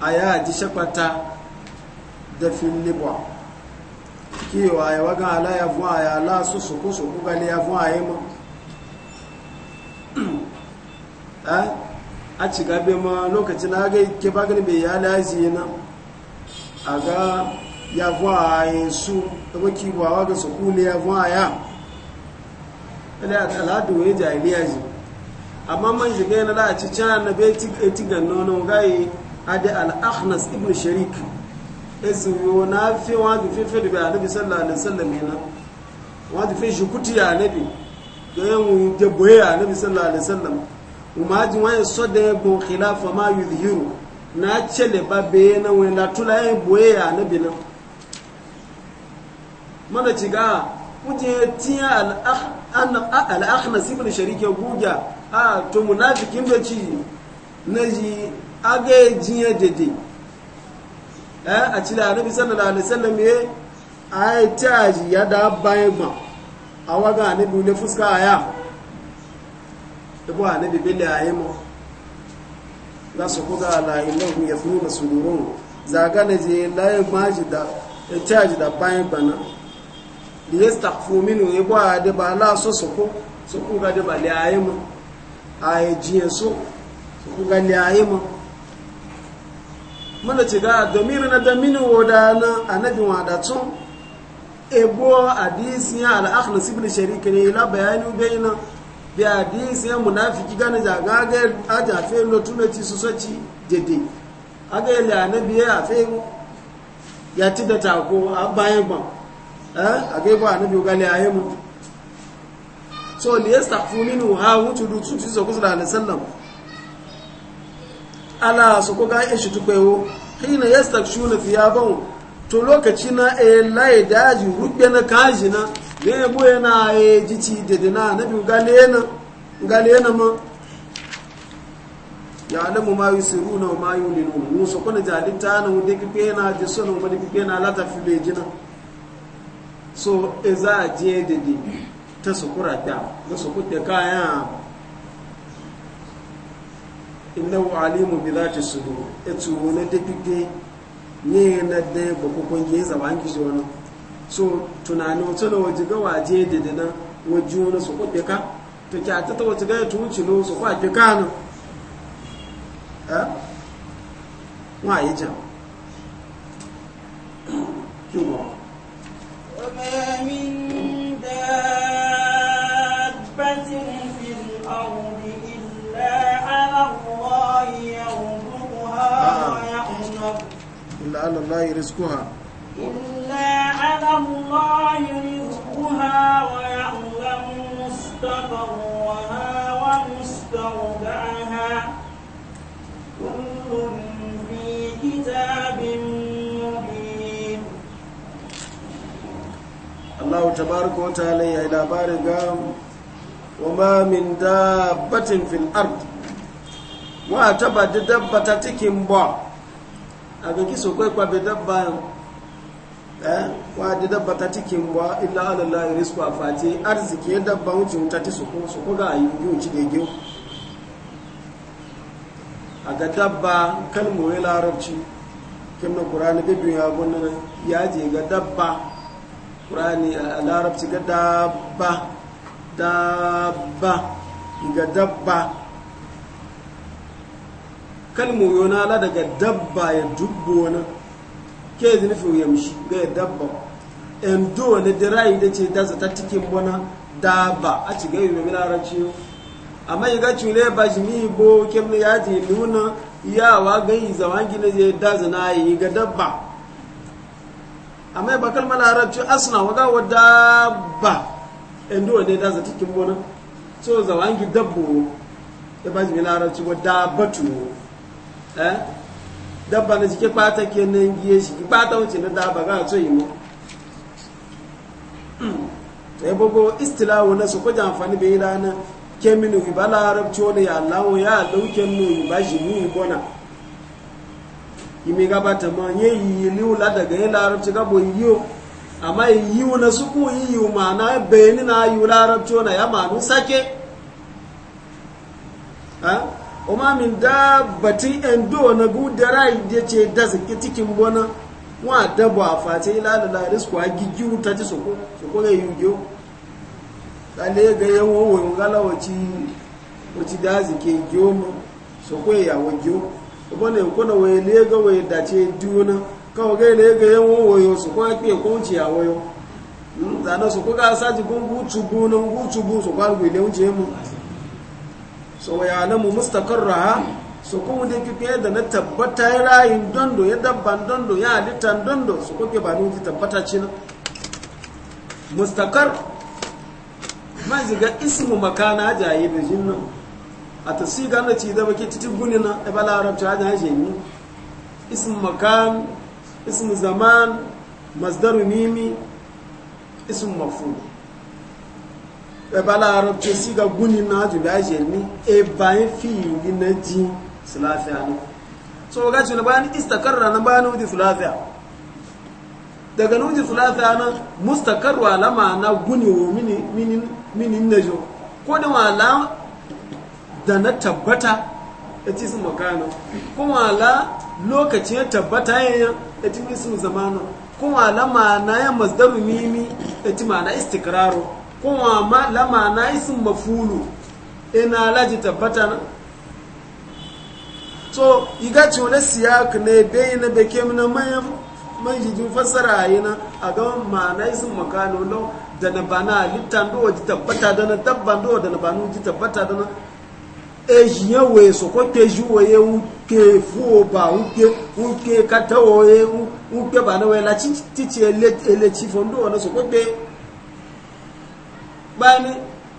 A: a ji shakwata da filibwa kiwa ya waga ala ya fu aya ala su su ku su ku gani ya fuwa ya ma eh? a ci gabe ma lokacin na ga ke bagani bi ya la na a ga ya vuwa su da baki bawa ga su kule ya vuwa ya ala aladu ya jahiliya ji amma man shiga yana da ci can na beti eti ga nono gai ade al-akhnas ibn sharik esu yo na fi wa ga fefe da annabi sallallahu alaihi wasallam yana wa da fe shi ya nabi da yan da boye nabi sallallahu alaihi wasallam umma ji wa so da bo khilafa ma yuzhiru na chele babe na wani latula yan boye nabi na mana ciga kuje tiya ah, ah, al'ahnas ibn sharike guga a to munafikin bai ci na ji aga jiya dede eh, a ci da anabi sallallahu alaihi wasallam ya a yi taji ya da bayan ma a waga anabi ne fuska a ya ibu anabi bele a yi ma za su kuga ala ilahu ya fi nuna sururun zaga na je layin maji da taji da bayan bana minu minhu yabwa da ba la so soko soko ga da ba liyaye mu ayi jiye so soko ga liyaye mu mun ce ga damir na damini wodana annabi wada tun ebo hadisi ya al-akhnas ibn sharik ne ila bayanu na bi hadisi ya munafiki gane jaga ga aja fe lo tunati su soci dede aga ila annabi ya fe ya tidata ko bayan gban Eh? a gaibu annabi a yi mu so ya yastaghfu minu ha wuce du tutu so kusa da alisallam ala so ko ga ishi tukwewo hina fiya thiyabahu to lokaci na e lai daji rubbe na kaji na ne bo yana e ji dedena na gali ugali gali na ma ya alamu ma yi siru na ma yi nuna musu kuna jalita na wude pipe na jiso na wude pipe na lata filo jina so e za a je da ne ta sukura ta ga sukuta kayan wa alimu bi zati sudur e tuwo wani dafide ne na da ba kukun kun yi zaba an kishi wani so tunani wata da waje ga waje da dana waje wani su kuɗe ka to kya ta waje ga ta wuce no su kwaɗe ka no ha wa yi jan
B: kyuwa من دابة في الأرض إلا على الله
A: يرزقها نعم.
B: ويعلم إلا على الله رزقها إلا على الله رزقها ويعلم مستقرها ومستودعها كل في كتاب
A: Allah tabaraka wa ta'ala ya yi labarin ga wa ma min dabbatin fil ard wa taba da dabba ta cikin ba a ga kiso kai kwa da dabba eh wa da dabba ta cikin ba illa Allah rizqu afati arziki dabba wuce ta ci su ko su ga yi wuce da giyo a ga dabba kalmoyi larabci na qur'ani da ya gonna ya je ga dabba ƙurani a larabci ga dabba dabba ga dabba kalmu na ala daga dabba ya dubbo wani ke yi nufin yamshi ga ya dabba endo wani da rayu da ce da zata cikin wani dabba a ci gaiwa mai larabci yau amma yi ga cule ba shi ni bo kemne ya ji nuna yawa gani zama gina zai da zana yi ga dabba amma ba kalmar larabci arabci asna waga wadda ba inda wa dai daza cikin gona so za wa angi dabbo ya ba jimi larabci wadda dabbatu eh dabba na jike kwata ke nan giye shi ki kwata wuce na daba ga to yi mu ya eh, bogo istilawo na su kwaje amfani bai rana kemini ibala arabci wani ya lawo ya dauke mu ba jimi gona imi ta ma ye yi liu la daga ye larabci gabo yi amma yiwu na suku yiwu ma na bayani na yiwu larabci na ya ma nu sake ha umma min batin endo na gudara ide ce da suke cikin gona wa dabo a fata ila da laris ko agigiru ta ci soko soko ga yiwu tsalle ga yi wo ngala waci waci da zike mu soko ya wo gyomo wani kuna wai lega wai dace duna kawo gai ga yan wayo su kwa ke kunci a wayo zana su kuka saji gun gutu gunan gutu gun su kwa gwe leunce mu so ya alamu mustaqarraha so kuma da kike da na tabbata ya rayin dondo ya dabban dondo ya halittan dondo su kuke ba nuji tabbata ce na mustaqar man ziga ismu makana jayi da jinnan Ata tasiga na ci zama ke titin guni na eba larabci hajji hajji yi ism makan ism zaman masdaru mimi ism mafu arab larabci siga guni na hajji bi hajji yi eba yin fiye na ji sulafiya ne so ga ci na bayan istakarra na bayan wuce sulafiya daga nuji sulafiya na mustakarwa lama na guni wa mini na jo ko da ma da na tabbata ya ci su makana kuma la lokacin ya tabbata yayin ya ci su zamanu kuma la ma'ana ya mazdaru mimi ya ci ma'ana istikraro kuma ma la ma'ana isin mafulu ina laji tabbata na so yi gaci wani siyak ne bai na beke na mayan man jijin yi na a ga ma'ana isin makano lau da na bana littan do ji tabbata da na tabbata da na banu ji tabbata da na ejiye wee sokwa keji woye nke fuoba nke kata oye nke bana wee lachi elechi eleci fondo wana sokwa ke bani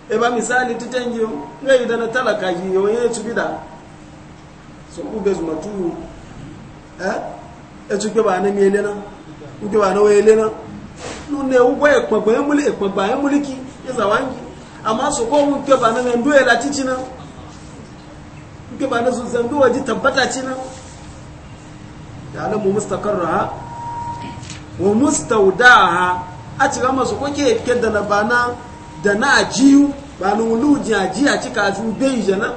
A: eba misali titenji ngai dana talaka ji woye tubida sokwa bezu matu eh etu ke bana mi elena nke bana wee elena nune ugbo ekpagba emuli ekpagba emuliki yezawangi amma sokwa nke bana wee ndu ela na? ke ba na su zandu waje tabbata ce nan da alamu mustakarra wa ha a cika masu kwake ke da na bana da na ajiyu ba na wulu ji a cika cikin bai jana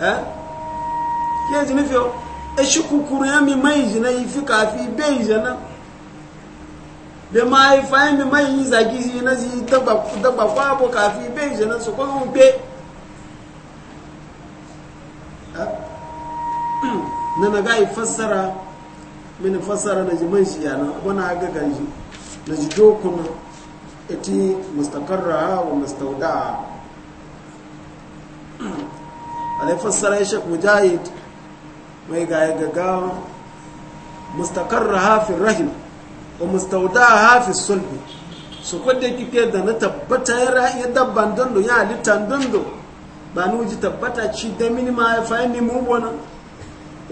A: eh ke ji nufi e shi kukuru ya mi mai jina yi fi kafi bai jana da ma yi mi mai yi zagi na ji dagba kwabo kafi bai jana su kwa na na ga fassara mini fassara na jiman shi yana wana ga ganji na ji dokuna iti mustakarra wa mustauda a, na fassara ya shek mujahid mai ga ya gaga mustakarra hafi rahim wa mustauda hafi sulbi su kwadda kike da na tabbata ya dabban dondo ya halittar dondo ba ni wuji tabbata ci da minima ya fahimmi mu bonan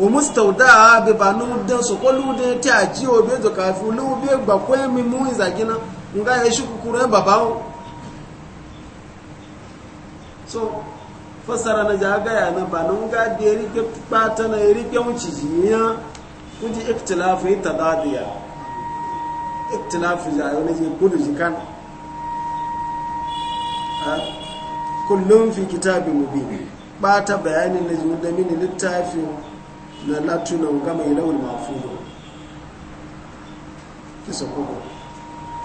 A: umustauda be banu de so kolu de ti aji o be zo ka fu lu be gba ko mi mu gina? nga e shu kukuru baba o so fasara na jaga ya na banu ga de ri ke pata na ri ke mu cijiya kuji ikhtilafu tadadiya ikhtilafu ja yo ne ji kudu jikan kullum fi kitabin mubin bata bayanin na judamin littafin na latuna gama ilawul mafudu kisa koko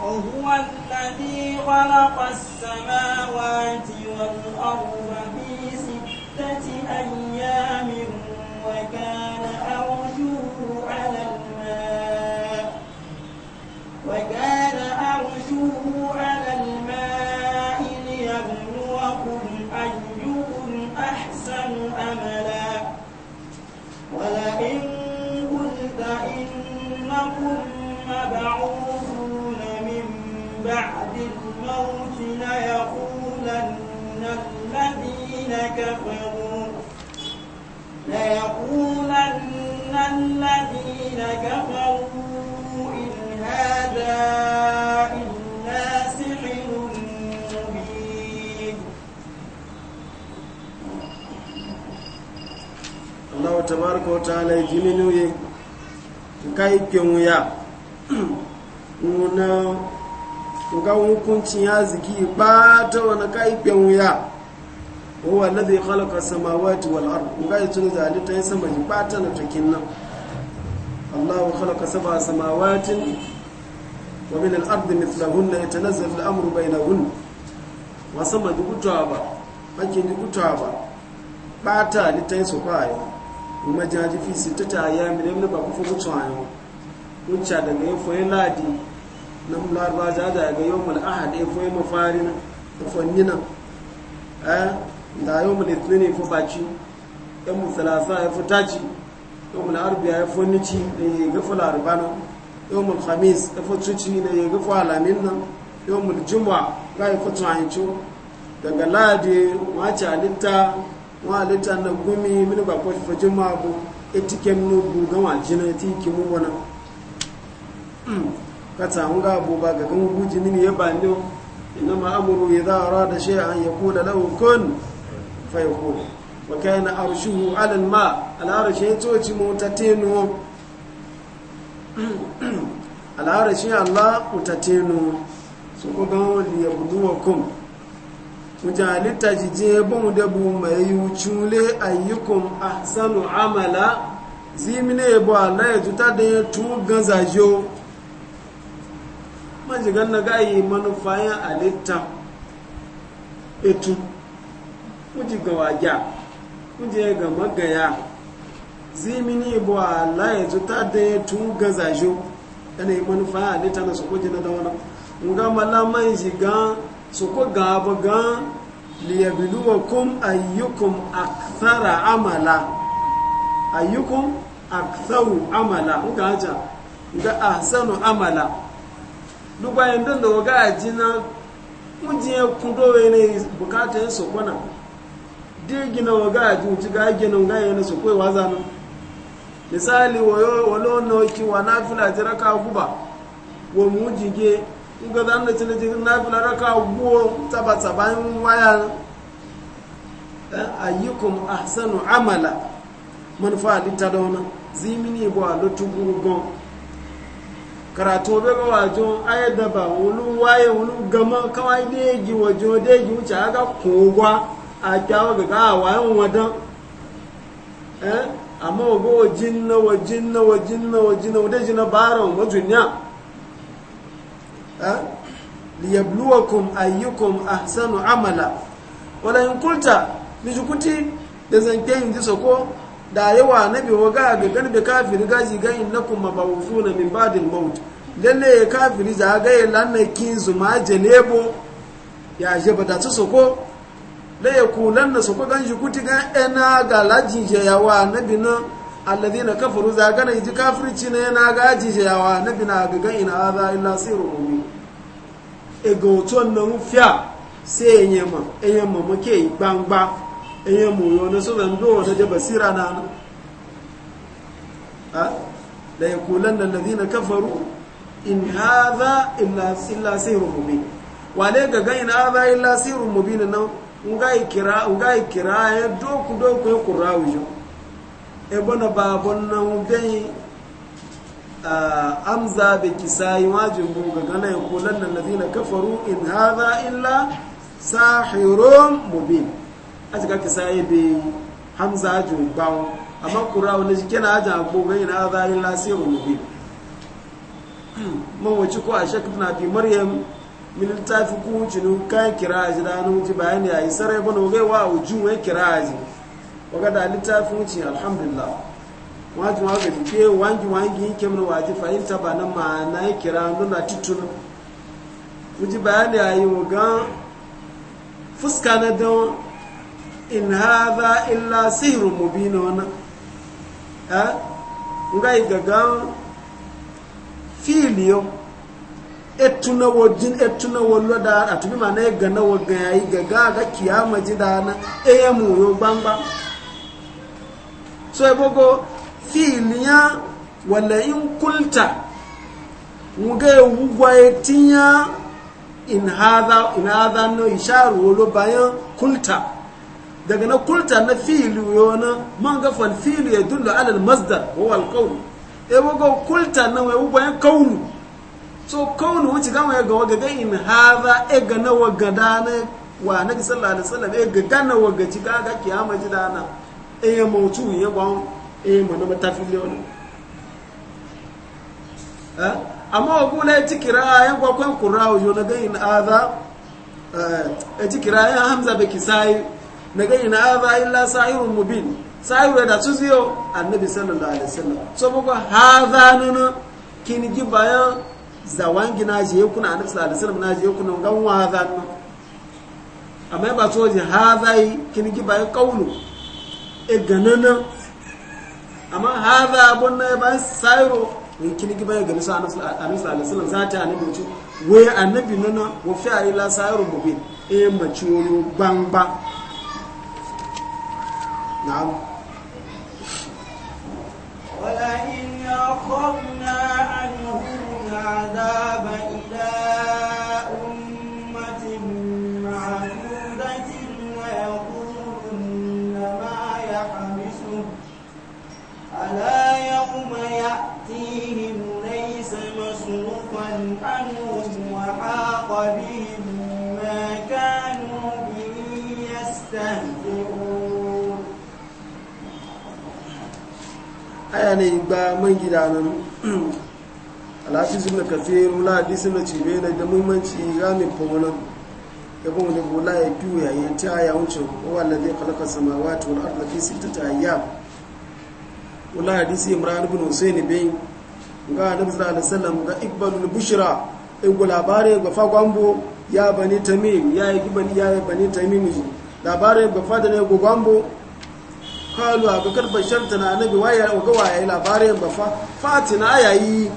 B: وهو الذي خلق السماوات والأرض في ستة أيام وكان أرجوه على الماء وكان أرجوه على بعد الموت ليقولن الذين كفروا ليقولن الذين كفروا إن هذا إلا سحر مبين
A: الله تبارك وتعالى يجمنوه kai ke wuya nuna ga hukuncin ya ziki ba ta wani kaifin wuya ko wanda zai halaka samawati wal ardu ga yi tuni zali ta yi sama ji ba ta na takin nan allahu halaka saba samawatin wa min al ardu mithlahun na ita nazar al'amuru bai na hun wa sama ji gutawa ba bakin ji gutawa ba ba ta litai su kwayo kuma jaji fi sitata ya mi ne ba ku fi mutuwa yau wuce daga yin foyin ladi na mu za jaja ga yawmul ahad e fo mu farina da fannina eh da yawmul ithnin fo baci yawmul salasa e fo taci yawmul arba'a e fo nici da ga fo larba na yawmul khamis e fo tuci da ga fo alamin na yawmul jumu'a ga e fo tsanci daga ladi ma ci alitta ma alitta na gumi mini ba ko fo jumu'a bu etikem no bu ga wa jina ti kimu wana kata an ga abu ba ga gan guji mini ya bani inna ma da idza arada shay'an yaqula lahu kun fayakun wa kana arshuhu 'ala alin ma al'arashi ya toci mutatinu al-arshi Allah mutatinu su ko gan li yabduwakum mujalita jije ya da dabu mai yuchule ayyukum sanu amala zimine bu Allah ya tuta da tu ganzajo gan na gayi manufayin alitta etu kuji ga wagya kuji ga magaya zimini bo ala etu ta da ya tun gaza jo yana yi manufayin alitta na soko jina da wani nga malaman jigan soko gaba gan liyabluwakum ayyukum akthara amala ayyukum aktharu amala nga aja nga ahsanu amala lugba yin don da waga a ji na mujiye kudo yana bukata yin sokona na waga a ji wuce ga ake nan ga yana na waza na misali walo na ki wa na fila ji raka guba wa mujige eh, in ga da na jirin na fila raka guwa taba yin waya ayyukum ahsanu amala manufa litta da wani zimini a lotu karatu bai daga wajo ayar da ba wulu waye wulu gama kawai deji wajo deji wuce aga kogwa a kyawa ga gawa yan wadan eh amma wago wajin na wajin na wajin na wajin na wadeji na baron wajunya eh liyabluwakum ayyukum ahsanu amala wala in kulta miji da zanke yin jisa ko da yawa nabi wa ga ganbe kafiri gaji ga innakum mabawfuna min ba'dil maut lalle kafiri za ga lanna kin zuma jenebo ya je ba su soko la yakulanna soko ganji kuti ga ena ga lajin je yawa nabi na alladhina kafaru za ga ji kafirci ne na ga ji je yawa nabi na ga ga ina hadha illa sirru mubin ego ton na mufya sai enyema enyema muke gbangba iya moyo na su zango wata ja basira na nan a da ya kulan da na kafaru in haza illa sihirun mubin Wane ga ga in haza illa sihirun mubin nan ngai kira ngai kira ya doku doku ya kurawijo e bona babon nan bai amza da kisayi wajin buga gana ya kulan da na kafaru in haza illa sahirun mubin ti ka sai bi hamza ajo gbawo amma qur'an wani jike na aja ko ga na zalil lasirun mubin Mun wuce ko a shakka tana bi maryam min tafi ku jinu kan kiraji da nan bayan ya yi sarai bano ga wa ujun wai kiraji waga da littafin wuce alhamdulillah waji wa ga dike wangi wangi kem na waje fahimta ba nan ma na kira nuna titun bayan ya yi waga fuska na don in hadha illa sihrun mubin wana ha ngai gagan filiyo etuna wojin etuna wollo da atumi mana gana waga yayi gaga ga kiyama eya mu yo gbangba so ebogo filiya wala in kulta muge wugwa etinya in hadha in hadha no isharu lo bayan kulta daga na kulta na fili yona man ga fal ya yadullu ala almasdar masdar wa al e wogo kulta na we wogo ya kaunu so kaunu wuce ga ya ga waga ga in hadha e ga na waga dana wa nabi sallallahu alaihi wasallam e ga ga na waga ci ga ga kiyama ji dana e ya mautu ya gwa e mo na matafil yona ha eh? amma wa kula ya ci kira ya gwa kwan qura'u yona ga in hadha e eh, ci kira ya hamza be kisai na gani na aba illa sa'irun mubin sa'iru da su annabi sallallahu alaihi wasallam so boko hadha nunu kin gi bayan zawangi na je kuna annabi sallallahu alaihi wasallam na je kuna gan wa hadha nunu amma ba so je hadha kin gi bayan qawlu e ganana amma hadha bonna bayan sa'iru in kin gi bayan ganisa annabi sallallahu alaihi wasallam ta annabi ce wai annabi nuna wa fa'ila sa'irun mubin e maciwo gbangba نعم
B: ولئن أخذنا عنهم العذاب إلى
A: yanayi ba man gida nan alhafi suna kafe rula hadisi na cibe na da muhimmanci ramin famunan ya kuma da bula ya biyu yayin ta ya wuce wanda zai kalaka samawa ta wani arzikin arziki sita ta yi ya wula hadisi imran ibn husaini bin ga annabi sallallahu da wasallam ga ikbalul bushra igu labarin ga fagwambo ya bani tamim ya yi bani ya bani tamim labarin ga fadar ya gwambo kalu a kakar bashar ta na nabi waya ya yi labarin ba fa fatina yayi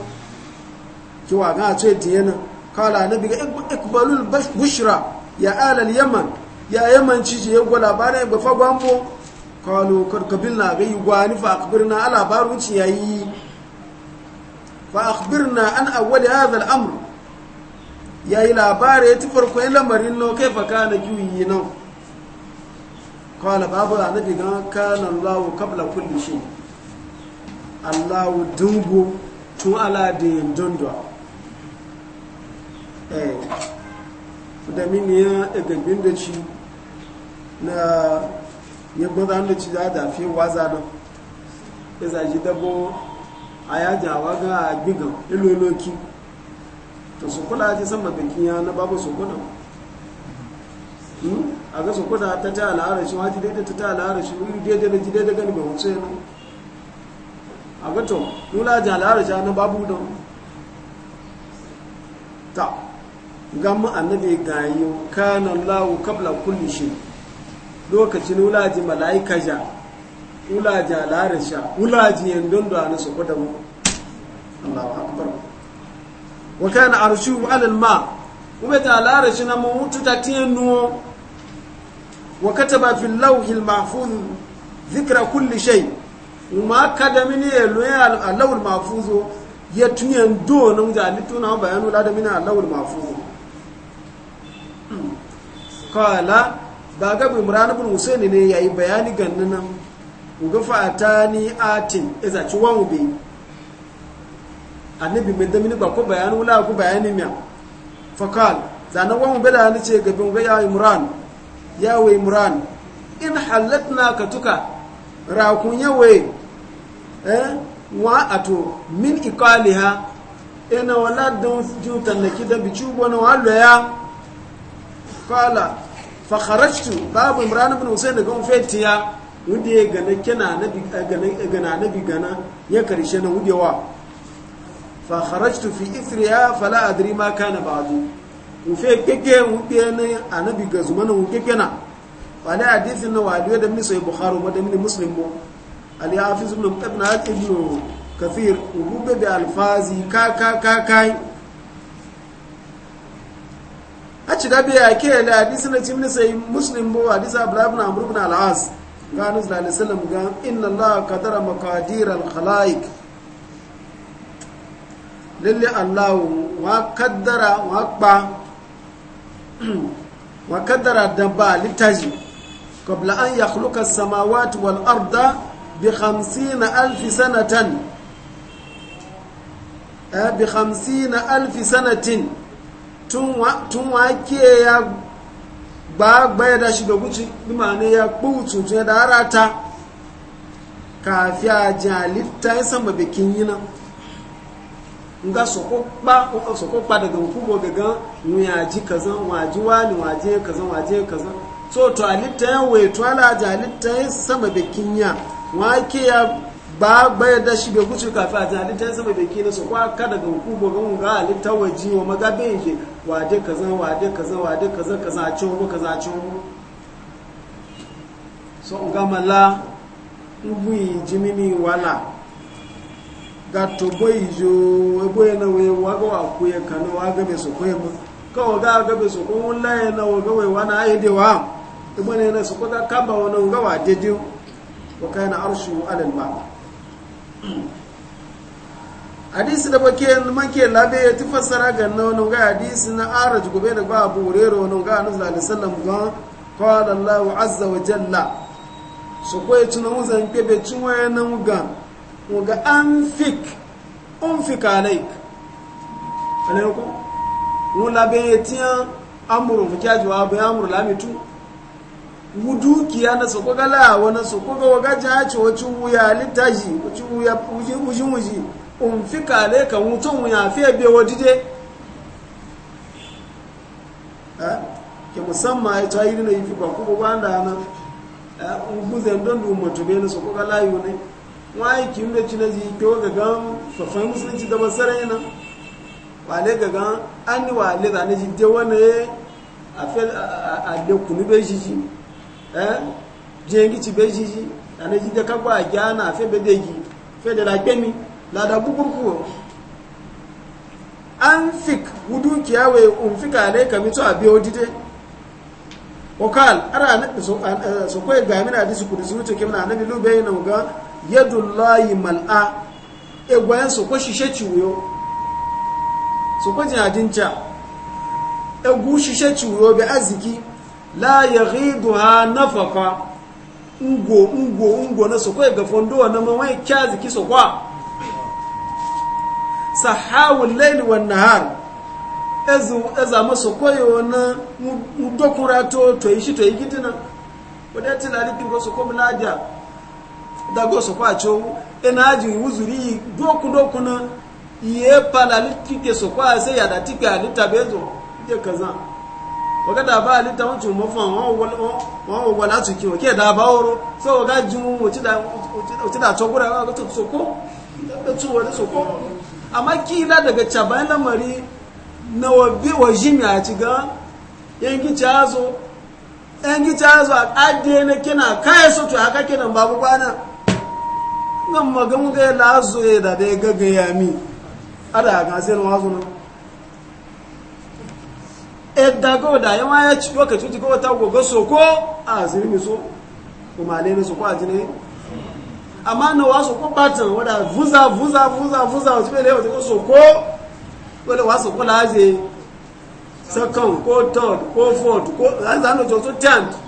A: ki wa ga ce diyana kala nabi ga ikbalul bushra ya alal yaman ya yaman ci je go labarin ba fa gwambo kalu karkabil na ga yi gwani fa akbirna na barun ci yi fa na an awali hadha zal'amur ya yi labarin ya ti farko lamarin lokai kai fa kana juyi nan kawai babu a nabi gan kanan lawo kabla kulli shi allahu dungu tun ala da dundwa da mini ya gagbin da ci na ya gwada da ci da da fi waza don ya zaji dabo a yajin awa ga gigan iloloki to su kula ji sama bikin ya na babu su Hmm? a ga soko da ta ta al'ara shi wani daidai ta ta al'ara shi wani daidai da jidai da gani ba wuce yana a ga nuna ji al'ara shi na babu don ta gama annabi gayo kanan lawo kabla kulli shi lokaci nuna ji mala'ika ja nuna ji al'ara shi nuna ji yandon da na su da mu allahu akbar wa kana arshu alal ma ubeta ta al'ara na mutu ta tiyan وكتب في اللوح المحفوظ ذكر كل شيء وما كاد من اللوح المحفوظ يتين دون مجالتنا بيان ولاد من اللوح المحفوظ قال daga imran ibn husayn ne yayi bayani gannan uga fatani atin iza ci wan ube annabi mai da mini ba ko bayani wala ko bayani miya fakal zanan wan ube da ni ce gaban ga ya imran ya wai muran in halatna ka tuka rakun ya wai eh wa ato min ha ina wala don jutan da kidan bi cubo na wallo ya kala fa kharajtu babu imran ibn husayn daga fetiya wanda ya gana kina nabi eh, eh, gana nabi gana ya karshe na wudewa fa kharajtu fi ithriha fala adri ma kana ba'du mufe keke muke ne annabi ga zumana mu keke na wani hadisin na wadiyo da mini sai bukhari ma da mini muslim mu ali hafiz ibn ibn ibn kathir ubube bi alfazi ka ka ka kai a ci da biya ke da hadisin na cimni sai muslim mu hadisa abdullahi ibn amr ibn al-as ga annabi sallallahu alaihi ga inna allaha qadara maqadir al-khalaiq lalle allahu wa qaddara wa ba wa kaddara dabba littaji kabla an yakhluqa as-samawati wal arda bi 50000 sanatan bi tun wa tun ke ya gbagba ya da guci bi ma'ana ya kputu tun ya da harata kafi a jalitta ya sama bikin yinan nga soko ba soko ba daga hukumo daga ji kaza waji wani waje kaza waje kaza so to alitta ya wetu ala ja ya sama da kinya wake ya ba bayar da shi bai guce kafi a jan alitta ya sama da kinya so kwa ka daga hukumo ga nga alitta waji wa maga bai yake waje kaza waje kaza waje kaza kaza a cewa kaza a cewa so nga mala ubu yi jimini wala gato boyi jo ebo na we waga wa kuye kano waga be so koye mu ka o ga be so kun la yana waga we wana de wa ebo ne na so ko ga kamba wana waga wa deji wa kana arshu ala al ma hadisi da bake la be ya tifassara ga nan ga hadisi na araj be da ba abu rero nan ga annabi sallallahu alaihi wasallam ga qala allah azza wa jalla so ko ya mu zan kebe na mu ga ga an fik un fika laik alaiko mun labe ya tiya amuru mu kya jiwa bai amuru lamitu mu dukiya na su kuka lawa na su kuka waga jace wacce wuya littaji wacce wuya wuji wuji un fika ke musamman ya ta yi na yi fi ba kuma ba da na guzen don dumatu bai na su kuka layu ne wai kim da cina ji ko ga gan sofai musulunci da masarai na wale ga gan an ni wale da ne ji de wane a fel a de kunu be ji ji eh je ngi ci be ji ji da ne ji de ka gba ja na fe be de ji fe de la kemi la da buburku an fik wudu kiyawe un fika ne kami to abi odide wakal ara na so ko ga mina hadisi kudu su to lu annabi lubayna ga Yadu yadullahi mal'a egwayen su kwashi shishe ciwo su kwaji adinca egu shi she ciwo bi aziki. la ya ridu ha nafaka ngo ngo ngo na su kwaye ga fondowa na mawai kya ziki su kwa sahawun laili wa har, eza masu kwayo na mudokura to to yi shi to yi gidina wadatila rikin wasu kwamiladiya dago su kwace wu ina ji wuzuri doku doku na iye pala litike su kwa sai ya da tike alita bezo je kaza waga da ba alita wọn tun mọfọ wọn wọ wọla tuki wọn ke da ba oro so waga ji mu oci da tokura waga tu soko da tu wani soko amma kila daga caban lamari na wabi wa jimi a ci ga yanki cazo yanki cazo a adiyar na kina kayan sotu haka kinan babu bana. nan magan ga la zuye da dai gaga ya mi ada ga sai ma e da go da yawa ya ci ka cuci ko ta gogo so ko a zirmi so kuma le ne so ko a jine amma na wasu ko batin wada vuza vuza vuza vuza o tibe le o so ko wala wasu ko la second ko third ko fourth ko zanu jo tenth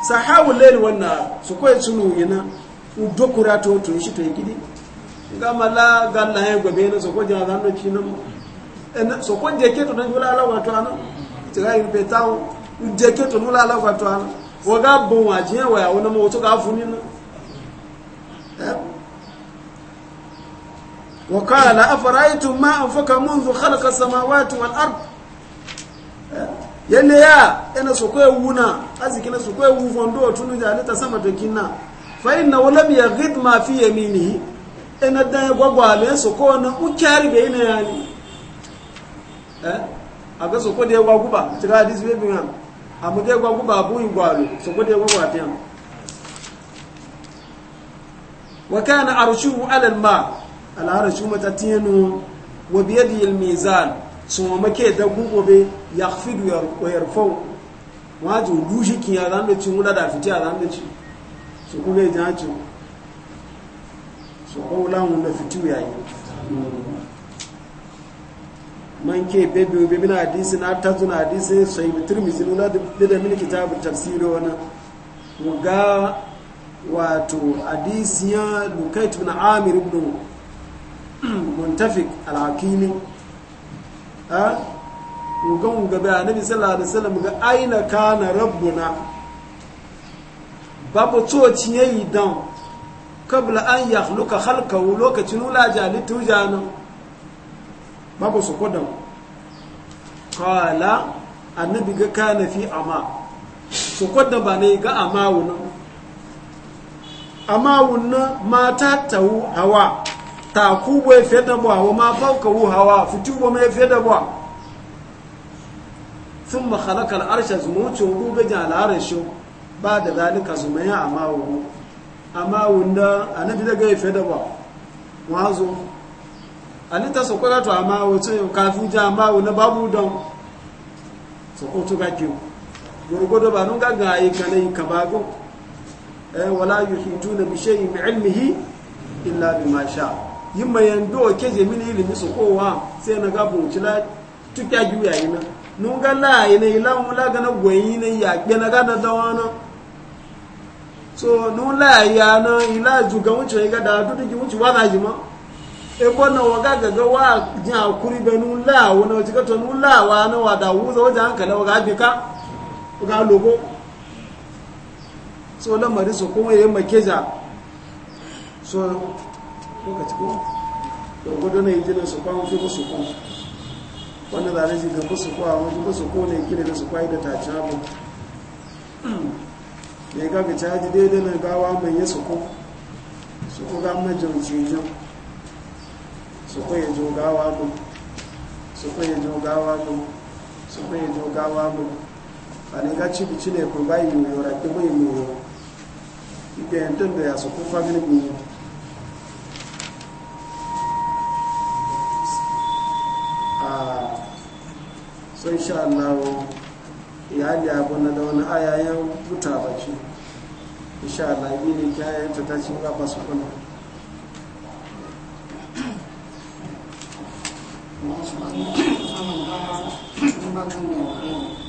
A: sahawu lail wannan su koyi sunu yana udokura to to shi to gidi gama la galla ya gobe na so ko jama zan do kinan en so ko je ke to ala wato ana tiga yi pe tawo je ke nula ala wato ana wo ga bon wa je wa ya wona mo to ga funi na eh? wa qala afara'aytum ma anfaka منذ خلق السماوات والارض yele ya ena soko ewuna azikina soko ewuvo ndo tunu jaleta sama na fa inna walam yaghid ma fi yaminihi ena dan gwagwale soko na ukyari be ina yani eh aga soko de guba gwaguba tira dis be bin amu de gwaguba bu ingwalo soko de gwagwa tiam wa kana arshuhu ala al ma al arshu matatinu wa bi yadihi al mizan suma make da gugobe ya fi wayar fau wato lushikin ya zama ci muda da fiti a zama ci su kuma yi jaci su kawo lamun da fiti ya yi man ke bebe bebe na hadisi na tazu na hadisi sai mutum mai da da ta kitabu tafsiri wani ga wato hadisi ya lukait bin amir ibn muntafik al-hakimi ha ugan uga bai annabi sallallahu alaihi wasallam ga aina kana rabbuna babu to tsoci yi dan kabla an yakhluqa wa lokacin ula jali tujano babu su kodan qala annabi ga kana fi ama su kodan ba ne ga amawuna amawuna mata tawu hawa ta kubo ya e fiye da ba wa ma fauka hawa fitu ba mai e fiye da ba sun makhalakar arshe zuma wuce wuku gaji al'arar shi ba da zalika zuma ya amma wuku amma wunda a na daga ya fiye da ba wazo a ni ta sokola to amma wuce kafin ji wu e na babu don sokoto ga kiwo gurgudu ba nun gaga yi kanai ka bago eh, wala yuhituna bi shay'in bi ilmihi illa bima sha'a Yi yimma yando ke je mini ilimi su kowa sai na ga bunci la tukya juya na nun ga la yi ina ila mu la ga na goyi ne ya ke na ga da dawana so nun la yi ya na yi ila ju ga wuce ga da dudu ki wuce wa ga ji ma e ko na wa ga ga wa ji akuri be nun la wa na ji ka to nun la wa na wa da wuza wajen hankali wa ga bi ka wa ga logo so lamarin su kuma yayin makeja so lokaci ko na yi su kwa mafi musu ko wanda zane shi ga musu ko a mafi musu ko ne gina da su kwa da abu da ya ga caji daidai na gawa mai ya su ko su ko ga majin cijin su ko ya jo gawa don su ya jo gawa don su ya jo gawa don a ne ga cibi cile ko bayi yiwuwa rafi ibe da sun sha Allah ya abu na da wani ayayen buta baki insha Allah yi ne kyayen ta tashi gaba su
B: kuna